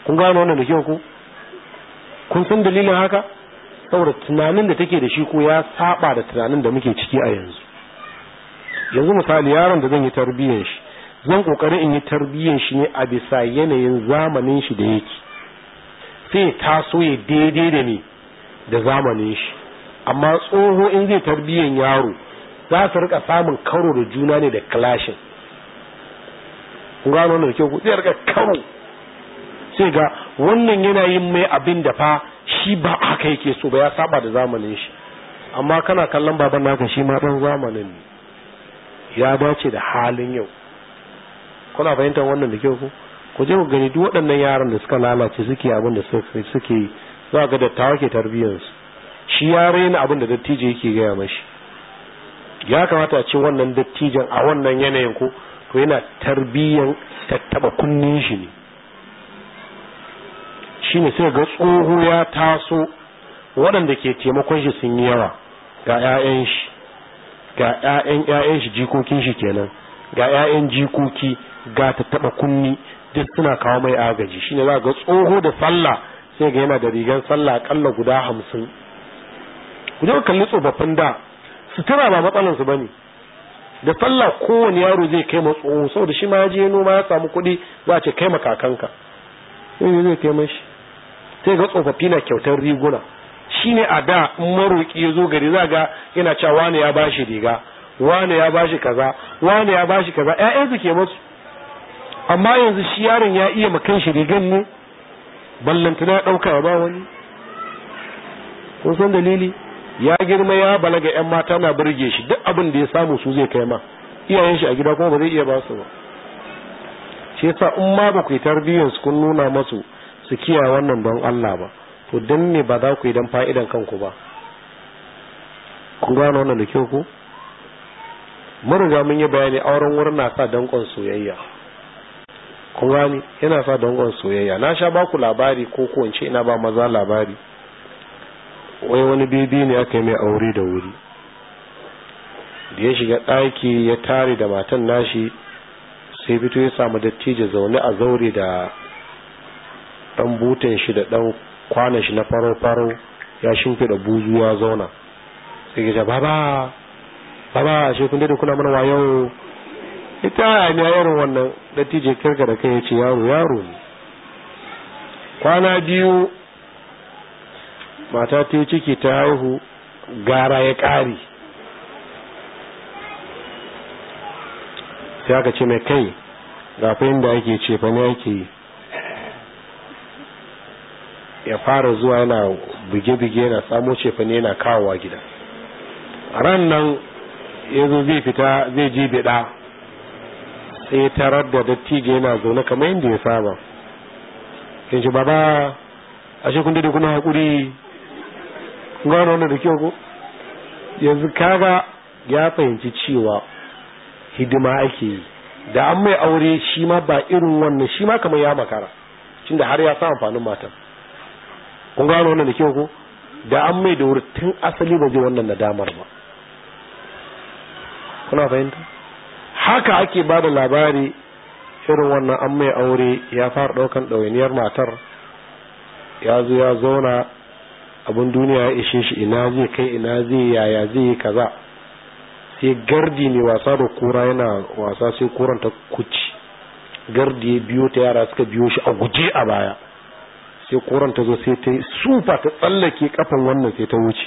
kun gano wannan da kyau ku kun san dalilin haka saboda tunanin da take da shi ko ya saba da tunanin da muke ciki a yanzu yanzu misali yaron da zan yi tarbiyyar shi zan kokari in yi tarbiyyar shi ne a bisa yanayin zamanin shi da yake sai taso ya daidai da ni da zamanin shi amma tsoho in zai tarbiyyar yaro za su rika samun karo da juna ne da clashin gano da kyau zai rika karo sai ga wannan yana yin mai abin da fa shi ba haka ke so ba ya saba da zamanin shi amma kana kallon baban naka shi ma dan zamanin ne ya dace da halin yau kuna fahimtar wannan da kyau ko ku je ku gani duk waɗannan yaran da suka lalace suke abin da suke za ga dattawa ke su shi ya raina abin da dattijo yake gaya mashi ya kamata a ce wannan dattijan a wannan yanayin ko to yana tarbiyyan tattaba kunnin shi ne Shi ne sai ga tsoho ya taso waɗanda ke taimakon shi sun yi yawa ga 'ya'yan shi ga 'ya'yan 'ya'yan shi jikokin shi kenan ga 'ya'yan jikoki ga ta taɓa kunni duk suna kawo mai agaji Shi ne za ga tsoho da sallah sai ga yana da rigar sallah ƙalla guda hamsin ku kalli tsofaffin da sutura ba matsalarsu su bane da sallah kowane yaro zai kai ma sau saboda shi ma ya je noma ya samu kuɗi za a ce kai ma kakanka sai zai kai mashi sai ga tsofaffi na kyautar riguna shine a da maroƙi ya zo gari za ga yana cewa wani ya bashi riga wani ya bashi kaza wani ya bashi kaza ƴaƴansu ke masu amma yanzu shi yaron ya iya makan shi rigan ne ballantana ya ɗauka ba wani kun dalili ya girma ya balaga yan mata na burge shi duk abin da ya samu su zai kai ma iyayen shi a gida kuma ba zai iya ba su ba shi yasa in ma ba ku tarbiyyar su kun nuna masu su kiyaye wannan don Allah ba to don ne ba za ku yi don fa'idan kanku ba kun gano wannan da kyau ku mun riga mun yi bayani auren wurin na sa dankon soyayya kun gani yana sa dankon soyayya na sha baku labari ko ko ina ba maza labari wai wani bibi ne aka yi mai aure da wuri da ya shiga ɗaki ya tare da matan nashi sai fito ya samu dattijo zaune a zaure da dan butan shi da dan kwana shi na faro-faro ya shimfida buzuwa zauna sai ya ce baba baba shi kun daidai kuna mana wayo ita ya ne yaron wannan dattijai kirka da kai ya ce yaro yaro kwana biyu mata ta yi ciki ta haihu gara ya ƙare. sai aka ce mai kai ga fahimta ake ce fa ne ake yi ya fara zuwa yana buge-buge yana samo cefane yana kawowa gida ran nan ya zo zai fita zai ji bida sai tarar da dattijo yana zaune kamar yadda ya saba Kan shi baba ashe kun dade kuma haƙuri gano wannan da kyau ko yanzu kaga ya fahimci cewa hidima ake yi da an mai aure shi ma ba irin wannan shi ma kamar ya makara tunda har ya sa amfanin matan kun gano wannan da kyau ko da an mai da wuri tun asali ba zai wannan nadamar ba kuna fahimta haka ake ba da labari irin wannan an mai aure ya fara daukan ɗawainiyar matar ya zo ya zauna abin duniya ya ishe shi ina zai kai ina zai yaya zai yi kaza sai gardi ne wasa da kura yana wasa sai kuran ta kuci gardi biyo ta yara suka biyo shi a guje a baya sai koran ta zo sai ta yi sufa ta tsallake kafan wannan sai ta wuce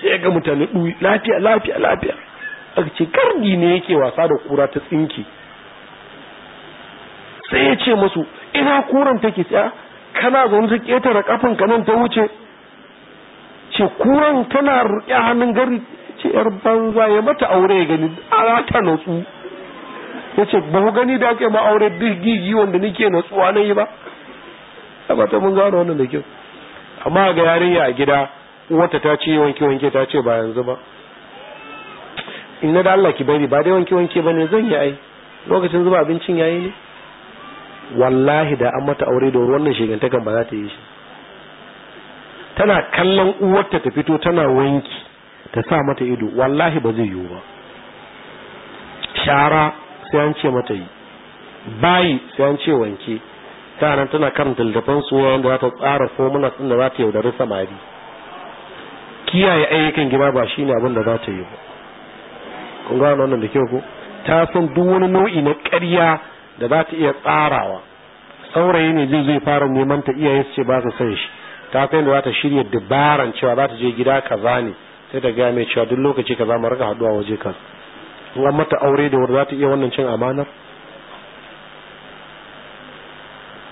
sai ga mutane ɗuyi lafiya lafiya lafiya aka ce gardi ne yake wasa da kura ta tsinki sai ya ce masu ina kuran take tsaya ah, kana zaune ta ƙetare kafan ka nan ta wuce ce kuran tana ruƙe hannun gari ce yar banza ya mata aure ya gani a ta natsu ya ce ba ku gani da ake ma aure duk gigi wanda nake natsuwa na yi ba ba mun gano wannan da kyau amma ga yarinya a gida wata ta ce wanke wanke ta ce ba yanzu ba in na da Allah ki bari ba dai wanke wanke bane zan yi ai lokacin zuba abincin yayi ne wallahi da an mata aure da wannan shigantakan ba za ta yi shi tana kallon uwarta ta fito tana wanki ta sa mata ido wallahi ba zai yiwu ba shara sai an ce mata yi bayi sai an ce wanke nan tana kan littafan su wanda za ta tsara fomuna sun da za ta yaudari samari kiyaye ayyukan gida ba shine abin da za ta yi ba kun gano wannan da kyau ko ta san duk wani nau'i na ƙarya da za ta iya tsarawa saurayi ne zai zai fara neman ta iyaye su ce ba su san shi ta kai da za ta shirya dabaran cewa za ta je gida kaza ne sai ta gaya mai cewa duk lokaci kaza mu rika haduwa waje kan in an mata aure da wuri za ta iya wannan cin amanar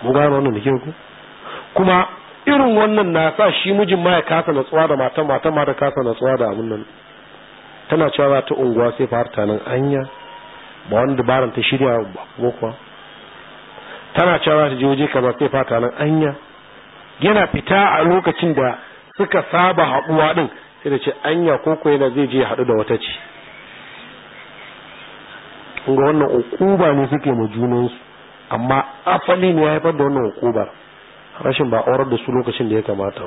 mu gano wannan da ke ku kuma irin wannan na sa shi mijin ma ya kasa natsuwa da matan matan ma ta kasa natsuwa da abin nan tana cewa za ta unguwa sai fa harta nan anya ba wani dabaran ta shirya ba ko kuwa tana cewa za ta je waje kaza sai farta nan anya yana fita a lokacin da suka saba haɗuwa din sai da ce anya ko ko yana zai je haɗu da wata ce kun ga wannan ukuba ne suke ma junansu amma afalin ya haifar da wannan hukubar rashin ba aurar da su lokacin da ya kamata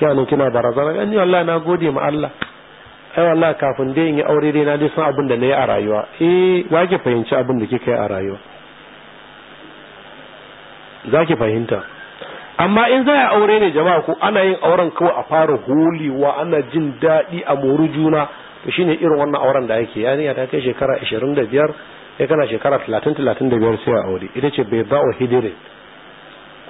ne kina barazana an yi Allah na gode ma Allah ai wallahi kafin dai in yi aure dai na dai san abin da na yi a rayuwa eh za fahimci abin da kika yi a rayuwa za fahimta amma in za a aure ne jama'a ko ana yin auren kawai a fara holiwa ana jin daɗi a moru juna to shine irin wannan auren da ake yani ya ta kai shekara 25 ya kana shekara 30-35 sai a aure ita ce bai za'o hidirin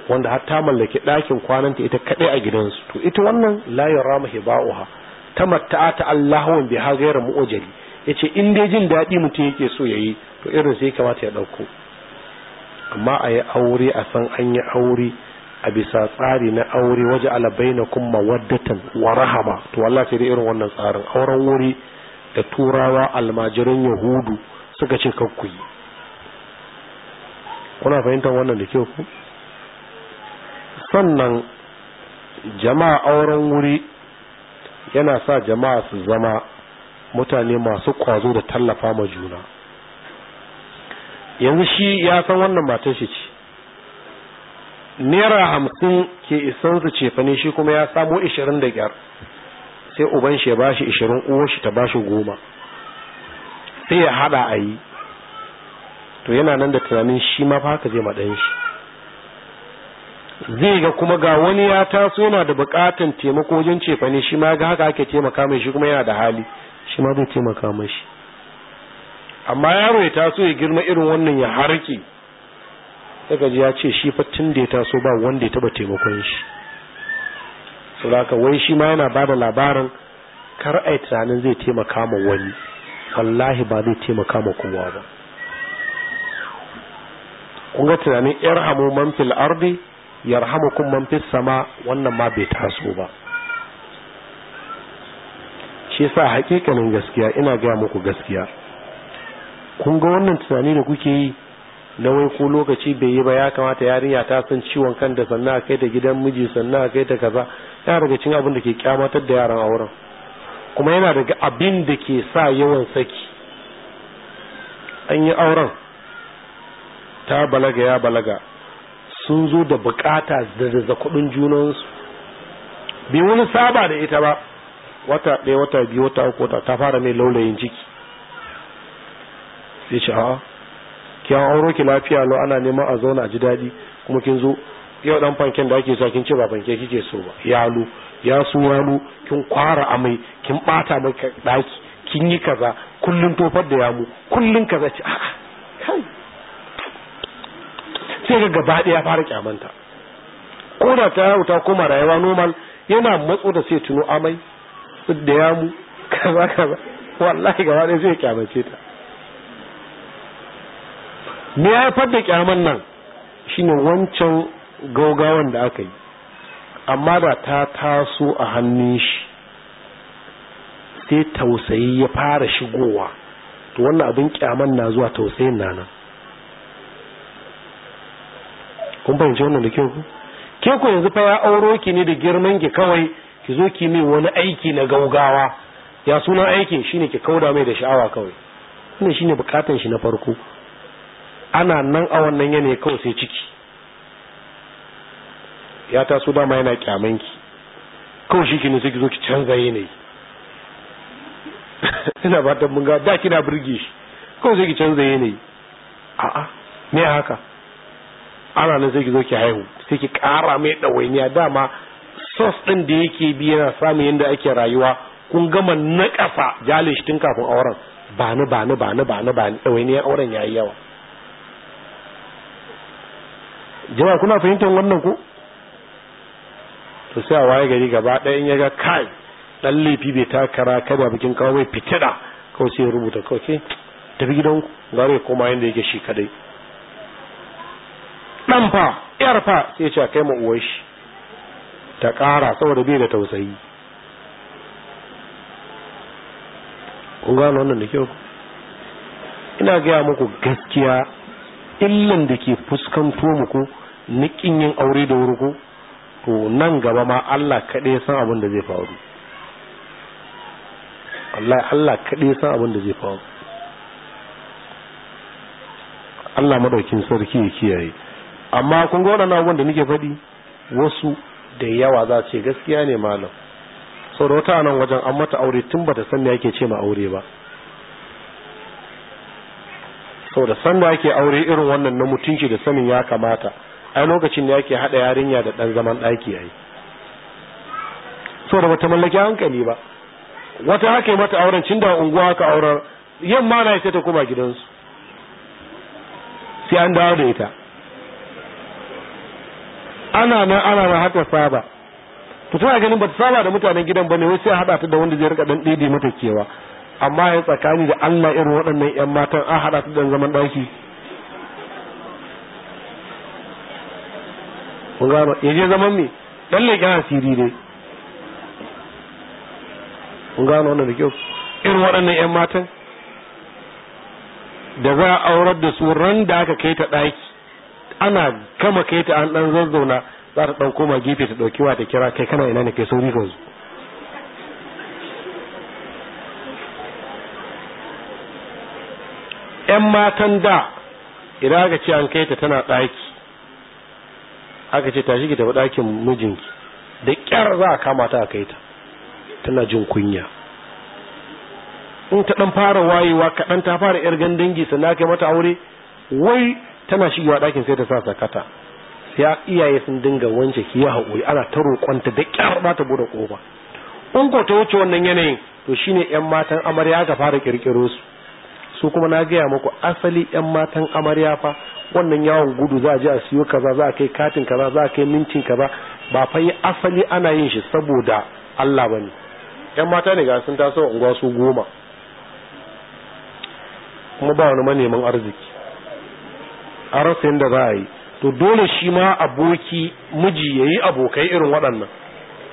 wanda har ta mallaki ɗakin kwananta ita kaɗai a gidansu to ita wannan layin rama hiba'uha ta mata'a ta Allahun bai ha gairar mu'ajali ya ce in dai jin daɗi mutum yake so ya yi to irin sai kamata ya ɗauko amma a yi aure a san an yi aure a bisa tsari na aure waje alabai na kuma waddatan wa rahama to wallahi sai irin wannan tsarin auren wuri da turawa almajiran yahudu suka ce ku yi kuna fahimtar wannan da ke ku sannan jama'a auren wuri yana sa jama'a su zama mutane masu kwazo da tallafa ma juna yanzu shi ya san wannan matan shi ce naira hamsin ke isan su cefane shi kuma ya samo ishirin da kyar sai uban shi ya bashi ishirin uwar shi ta bashi goma sai ya hada a yi to yana nan da tunanin shi ma fa haka zai maɗan shi zai ga kuma ga wani ya taso yana da buƙatan taimako wajen cefa ne shi ma ga haka ake taimaka mai shi kuma yana da hali shi ma zai taimaka mashi amma yaro ya taso ya girma irin wannan ya harke daga ji ya ce shi fa da ya taso ba wanda ya taba taimakon shi saboda wai shi ma yana da labarin kar ai tunanin zai taimaka ma wani wallahi ba zai taimaka ma kowa ba kun ga tunanin irhamu man fil ardi yarhamukum man fis sama wannan ma bai taso ba shi yasa hakikanin gaskiya ina ga muku gaskiya kun ga wannan tunani da kuke yi na wai ko lokaci bai yi ba ya kamata yarinya ta san ciwon kan da sannan a kai ta gidan miji sannan a kai ta kaza ya daga cin abin da ke kyamatar da yaran auren kuma yana daga abin da ke sa yawan saki an yi auren ta balaga ya balaga sun zo da bukata da zazzakudin junansu bi wani saba da ita ba wata ɗaya wata biyu wata uku wata ta fara mai laulayin ciki sai ce ki auro ki lafiya lo ana neman a zauna a ji daɗi kuma kin zo yau ɗan fanken da ake sa kin ce ba fanke kike so ba yalo ya suwanu kin kwara amai kin bata maka daki kin yi kaza kullun tofar da yamu kullun kaza ce a'a kai sai ga gaba daya fara kyamanta ko da ta yawo ta koma rayuwa normal yana matso da sai tuno amai da yamu kaza kaza wallahi gaba daya sai kyamace ta me ya haifar da kyaman nan shine wancan gaugawan da aka yi amma da ta taso a hannun shi sai tausayi ya fara shigowa to wannan abin kyaman na zuwa tausayin na nan kun fahimci wannan da kyau ke ku yanzu fa ya auro ki ne da girman ki kawai ki zo ki mai wani aiki na gaugawa ya suna aikin shine ki kauda mai da sha'awa kawai wannan shine bukatan shi na farko ana nan a wannan yanayi kawai sai ciki ya taso dama yana kyamanki kawai shi ke sai ki zo ki canza yanayi ina ba mun ga da kina birge shi kawai sai ki canza yanayi a'a me haka ana nan sai ki zo ki haihu sai ki kara mai dawainiya dama sos din da yake bi yana samun yadda ake rayuwa kun gama na ƙasa jalin shi tun kafin auren ba ni ba ni ba ni ba ni ba ni auren yayi yawa jama'a kuna fahimtar wannan ko to sai a waye gari gaba ɗayan in ya ga kai ɗan laifi bai takara kai ba bikin kawo mai fitira kawai sai ya rubuta kawai ke tafi gidanku gare koma yadda yake shi kadai dan fa ɗayar fa sai ya ce kai ma uwar shi ta ƙara saboda bai da tausayi kun gano wannan da kyau ina gaya muku gaskiya illan da ke fuskanto muku ƙin yin aure da wuri ko to nan gaba ma Allah kaɗai san abin da zai faru Allah Allah kaɗai san abin da zai faru Allah madaukin sarki ya kiyaye amma kun ga wannan abin da nake faɗi wasu da yawa za ce gaskiya ne malam sau da wata nan wajen an mata aure tun bata san me yake ce ma aure ba sau da san da ake aure irin wannan na mutunci da sanin ya kamata ai lokacin da yake hada yarinya da dan zaman daki yayi da bata mallaki hankali ba wata haka mata auren cin da unguwa haka auren yamma na ita ta kuma gidansu sai an dawo da ita ana nan ana nan haka saba to tana ganin bata saba da mutanen gidan bane wai sai hada ta da wanda zai rika dan dede mata kewa amma ya tsakani da Allah irin waɗannan ƴan matan an hada ta dan zaman daki ko ba ya je zaman me dan leƙen asiri dai kun gano wannan da kyau irin waɗannan 'yan matan da za a aurar da su ran da aka kai ta ɗaki ana kama kai ta an ɗan zazzauna za ta ɗan koma gefe ta ɗauki wa ta kira kai kana ina ne kai sauri ka zo ‘yan matan da idan aka ce an kai ta tana ɗaki aka ce tashi ki tafi ɗakin mijinki da ƙyar za a kama ta a kai ta tana jin kunya in ta ɗan fara wayewa kaɗan ta fara yar gandangi sannan kai mata aure wai tana shigewa ɗakin sai ta sa sakata ya iyaye sun dinga wance ki ya haƙuri ana ta roƙonta da ƙyar ba ta bude ƙofa in ko ta wuce wannan yanayin to shine 'yan matan amarya aka fara ƙirƙiro su su kuma na gaya muku asali yan matan amarya fa wannan yawon gudu za a je a siyo kaza za a kai katin kaza za a kai mintin kaza ba fa yi asali ana yin shi saboda Allah bane yan mata ne ga sun taso unguwa su goma kuma ba wani maneman arziki a rasa yadda za a yi to dole shi ma aboki miji ya yi abokai irin waɗannan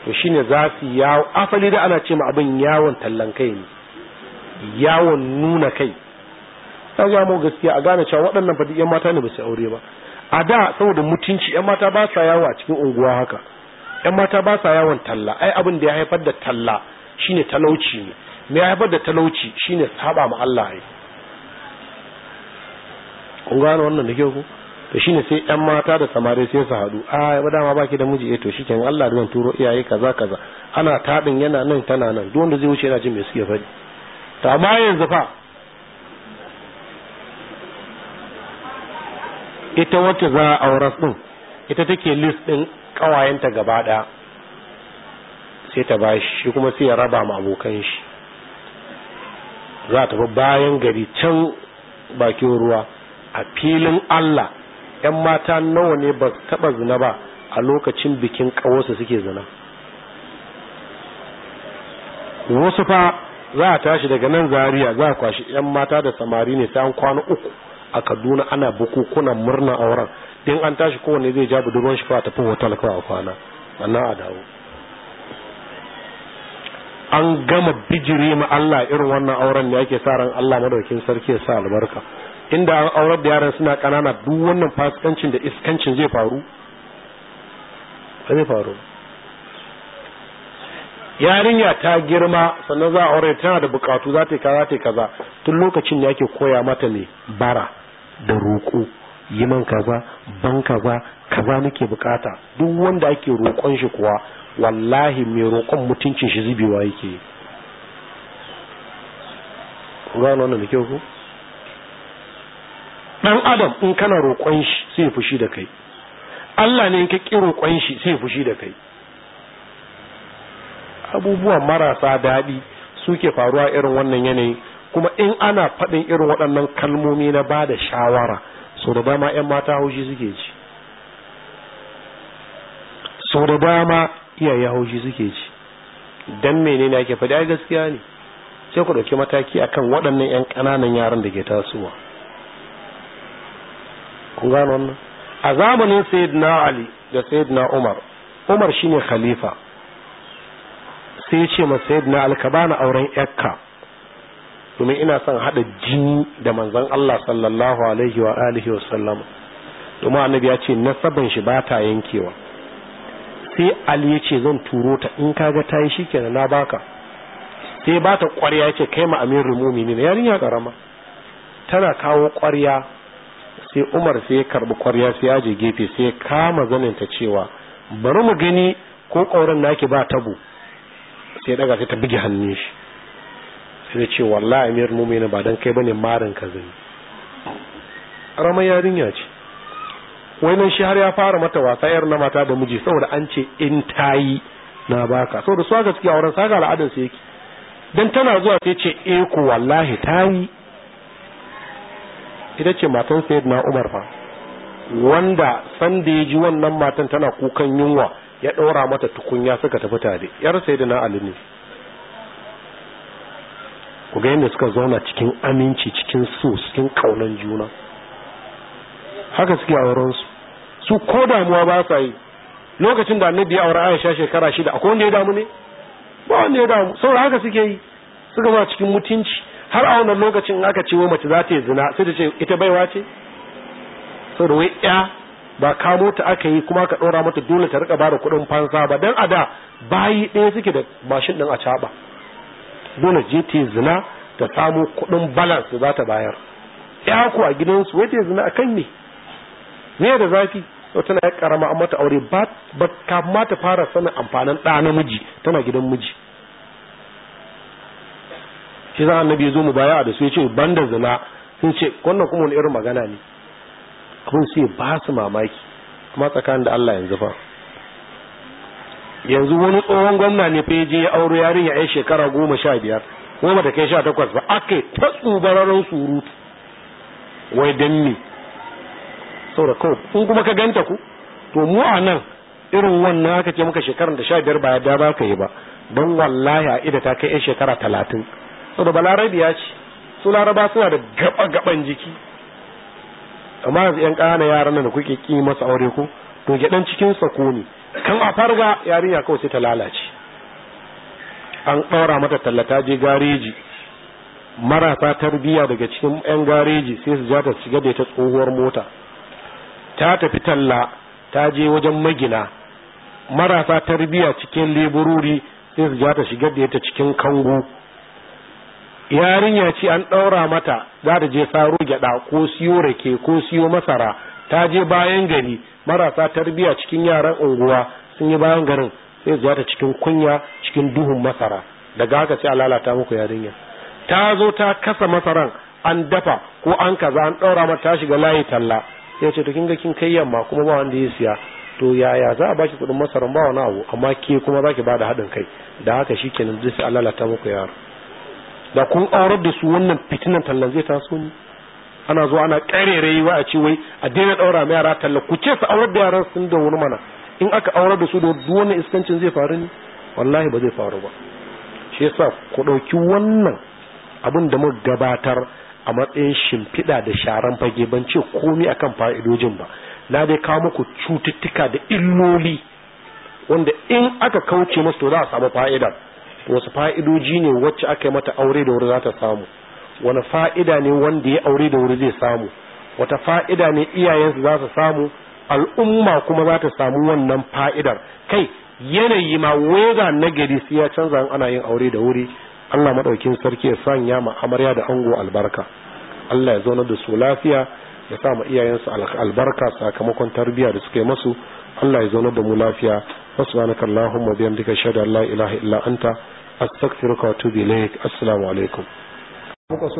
to shi ne za su yawo asali da ana ce ma abin yawon tallan kai ne yawon nuna kai na ya mu gaskiya a gane cewa waɗannan fa yan mata ne ba su aure ba a da saboda mutunci yan mata ba sa yawo a cikin unguwa haka yan mata ba sa yawon talla ai abin da ya haifar da talla shine talauci ne me ya haifar da talauci shine saba ma Allah ai kun gane wannan da kyau ko to shine sai yan mata da samari sai su haɗu a ba dama baki da miji eh to shikenan Allah zai turo iyaye kaza kaza ana taɗin yana nan tana nan duk wanda zai wuce yana jin me suke faɗi to amma yanzu fa ita wacce za a auras din ita take list din kawayenta gaba ɗaya sai ta bashi shi kuma sai ya raba ma abokan shi za ta tafi bayan gari can bakin ruwa a filin Allah ‘yan mata nawa ne ba taba zina ba a lokacin bikin ƙawarsa suke zina wasu fa za a tashi daga nan zariya za a kwashi ‘yan mata da samari ne sai an kwana uku a kaduna ana bukukunan murna a wurin in an tashi kowane zai ja budurwan shi fa tafi hotel kawai a kwana anan a dawo an gama bijiri ma Allah irin wannan auren ne ake sa ran Allah madaukin sarki ya sa albarka inda an aurar da yaran suna kanana duk wannan fasikancin da iskancin zai faru zai faru yarinya ta girma sannan za a aure tana da bukatu za ta yi kaza ta yi kaza tun lokacin da ake koya mata ne bara da roƙo yi man kaza ban kaza kaza nake bukata duk wanda ake roƙon shi kuwa wallahi mai roƙon mutuncin shi zubewa yake yi gano wannan da kyau ku. dan adam in kana roƙon shi sai fushi da kai Allah ne in ka ƙi roƙon shi sai fushi da kai abubuwan marasa daɗi suke faruwa irin wannan yanayi. kuma in ana faɗin irin waɗannan kalmomi na ba da shawara so da dama 'yan mata haushi suke ci so da dama iyaye haushi suke ci mene menene ake faɗi a gaskiya ne sai ku ɗauki mataki akan waɗannan 'yan ƙananan yaran da ke tasowa kun gano wannan a zamanin sayyidina ali da sayyidina umar umar shine khalifa sai ya ce ma sayyidina ali ka bani auren yakka domin ina son haɗa jini da manzan, Allah sallallahu alaihi wa alihi wa sallam domin annabi ya ce nasaban shi ba ta yankewa sai ali ya ce zan turo ta in ga ta yi shikenan na baka sai ba ta kwarya ce kai ma amirul mu'minin yarinya karama tana kawo ƙwarya, sai Umar sai ya karbi kwarya sai ya je gefe sai ya kama ta cewa bari mu gani ko ƙauren naki ba tabo sai daga sai ta buge hannun shi sai ce wallahi amir mu'minin ba dan kai bane marin ka zai ramar yarinya ce nan shi har ya fara mata wasa yar na mata da miji saboda an ce in tayi na baka saboda su ciki auren saka al'adar su yake dan tana zuwa sai ce eh ku wallahi tayi ita ce matan na Umar fa wanda san da yaji wannan matan tana kukan yunwa ya ɗora mata tukunya suka tafi tare yar sayyidina Ali ne ku ga yadda suka zauna cikin aminci cikin su cikin kaunan juna haka suke aurensu su ko damuwa ba sa yi lokacin da annabi ya aure Aisha shekara shida akwai wanda ya damu ne ba wanda ya damu saboda haka suke yi suka zauna cikin mutunci har a wannan lokacin aka ce wa mace za ta yi zina sai ta ce ita baiwa ce saboda wai ya ba kamo ta aka yi kuma ka ɗora mata dole ta riƙa ba da kuɗin fansa ba don a da bayi ɗaya suke da mashin ɗin a caɓa dole je ta zina ta samu kuɗin balance za ta bayar ya ku a gidansu wai ta zina a kan ne ne da zafi to tana ya karama an mata aure ba kafin ta fara sanin amfanin ɗa namiji tana gidan miji shi za na ya zo mu baya da su ya ce ban da zina sun ce wannan kuma wani irin magana ne abin su ba su mamaki kuma tsakanin da Allah yanzu fa yanzu wani tsohon gwamna ne fa je aure yarinya ya shekara goma sha biyar goma da kai sha takwas ba aka ta tsubararin surutu wai ne. me saboda kawai sun kuma ka ganta ku to mu a nan irin wannan aka ce muka shekarar da sha biyar ba ya ba ka yi ba don wallahi a ida ta kai yan shekara talatin saboda balarabiya ce su laraba suna da gaba-gaban jiki amma yanzu yan ƙana yaran da kuke ƙi masa aure ko to gyaɗan cikin sako ne kan a farga yarinya kawai sai ta lalace an ɗaura mata tallata je gareji marasa tarbiya daga cikin 'yan gareji sai su ja ta shiga da ta tsohuwar mota ta tafi talla ta je wajen magina marasa tarbiya cikin lebururi sai su ja ta shiga da ta cikin kango yarinya ce an ɗaura mata za ta je saro gyaɗa ko siyo rake ko siyo masara ta je bayan gari marasa tarbiya cikin yaran unguwa sun yi bayan garin sai zuwa ta cikin kunya cikin duhun masara daga haka sai a lalata muku yarinya ta zo ta kasa masaran an dafa ko an kaza an ɗaura mata ta shiga layi talla ya ce to kin ga kin kai yamma kuma ba wanda ya siya to yaya za a baki kuɗin masaran ba wani abu amma ke kuma zaki ba da haɗin kai da haka shikenan zai sai a lalata muku yaro da kun aurar da su wannan fitinan tallan zai taso ne ana zuwa ana karerai wa a ce wai a daina daura ma yara talla ku ce su aurar da yaran sun da wani mana in aka aurar da su da duk wani iskancin zai faru ne wallahi ba zai faru ba shi yasa ku ɗauki wannan abin da muka gabatar a matsayin shimfiɗa da sharan fage ban ce komi akan fa'idojin ba na dai kawo muku cututtuka da illoli wanda in aka kauce masu to za a samu fa'ida wasu fa'idoji ne wacce aka yi mata aure da wuri za ta samu wani fa'ida ne wanda ya aure da wuri zai samu wata fa'ida ne iyayensu za su samu al'umma kuma za ta samu wannan fa'idar kai yanayi ma weza na gari sai ya canza an ana yin aure da wuri Allah maɗaukin sarki ya sanya ma amarya da ango albarka Allah ya zauna da su lafiya ya sa ma iyayensu albarka sakamakon tarbiyya da suka yi masu Allah ya zauna da mu lafiya subhanaka allahumma bihamdika shada la ilaha illa anta astaghfiruka wa assalamu alaikum con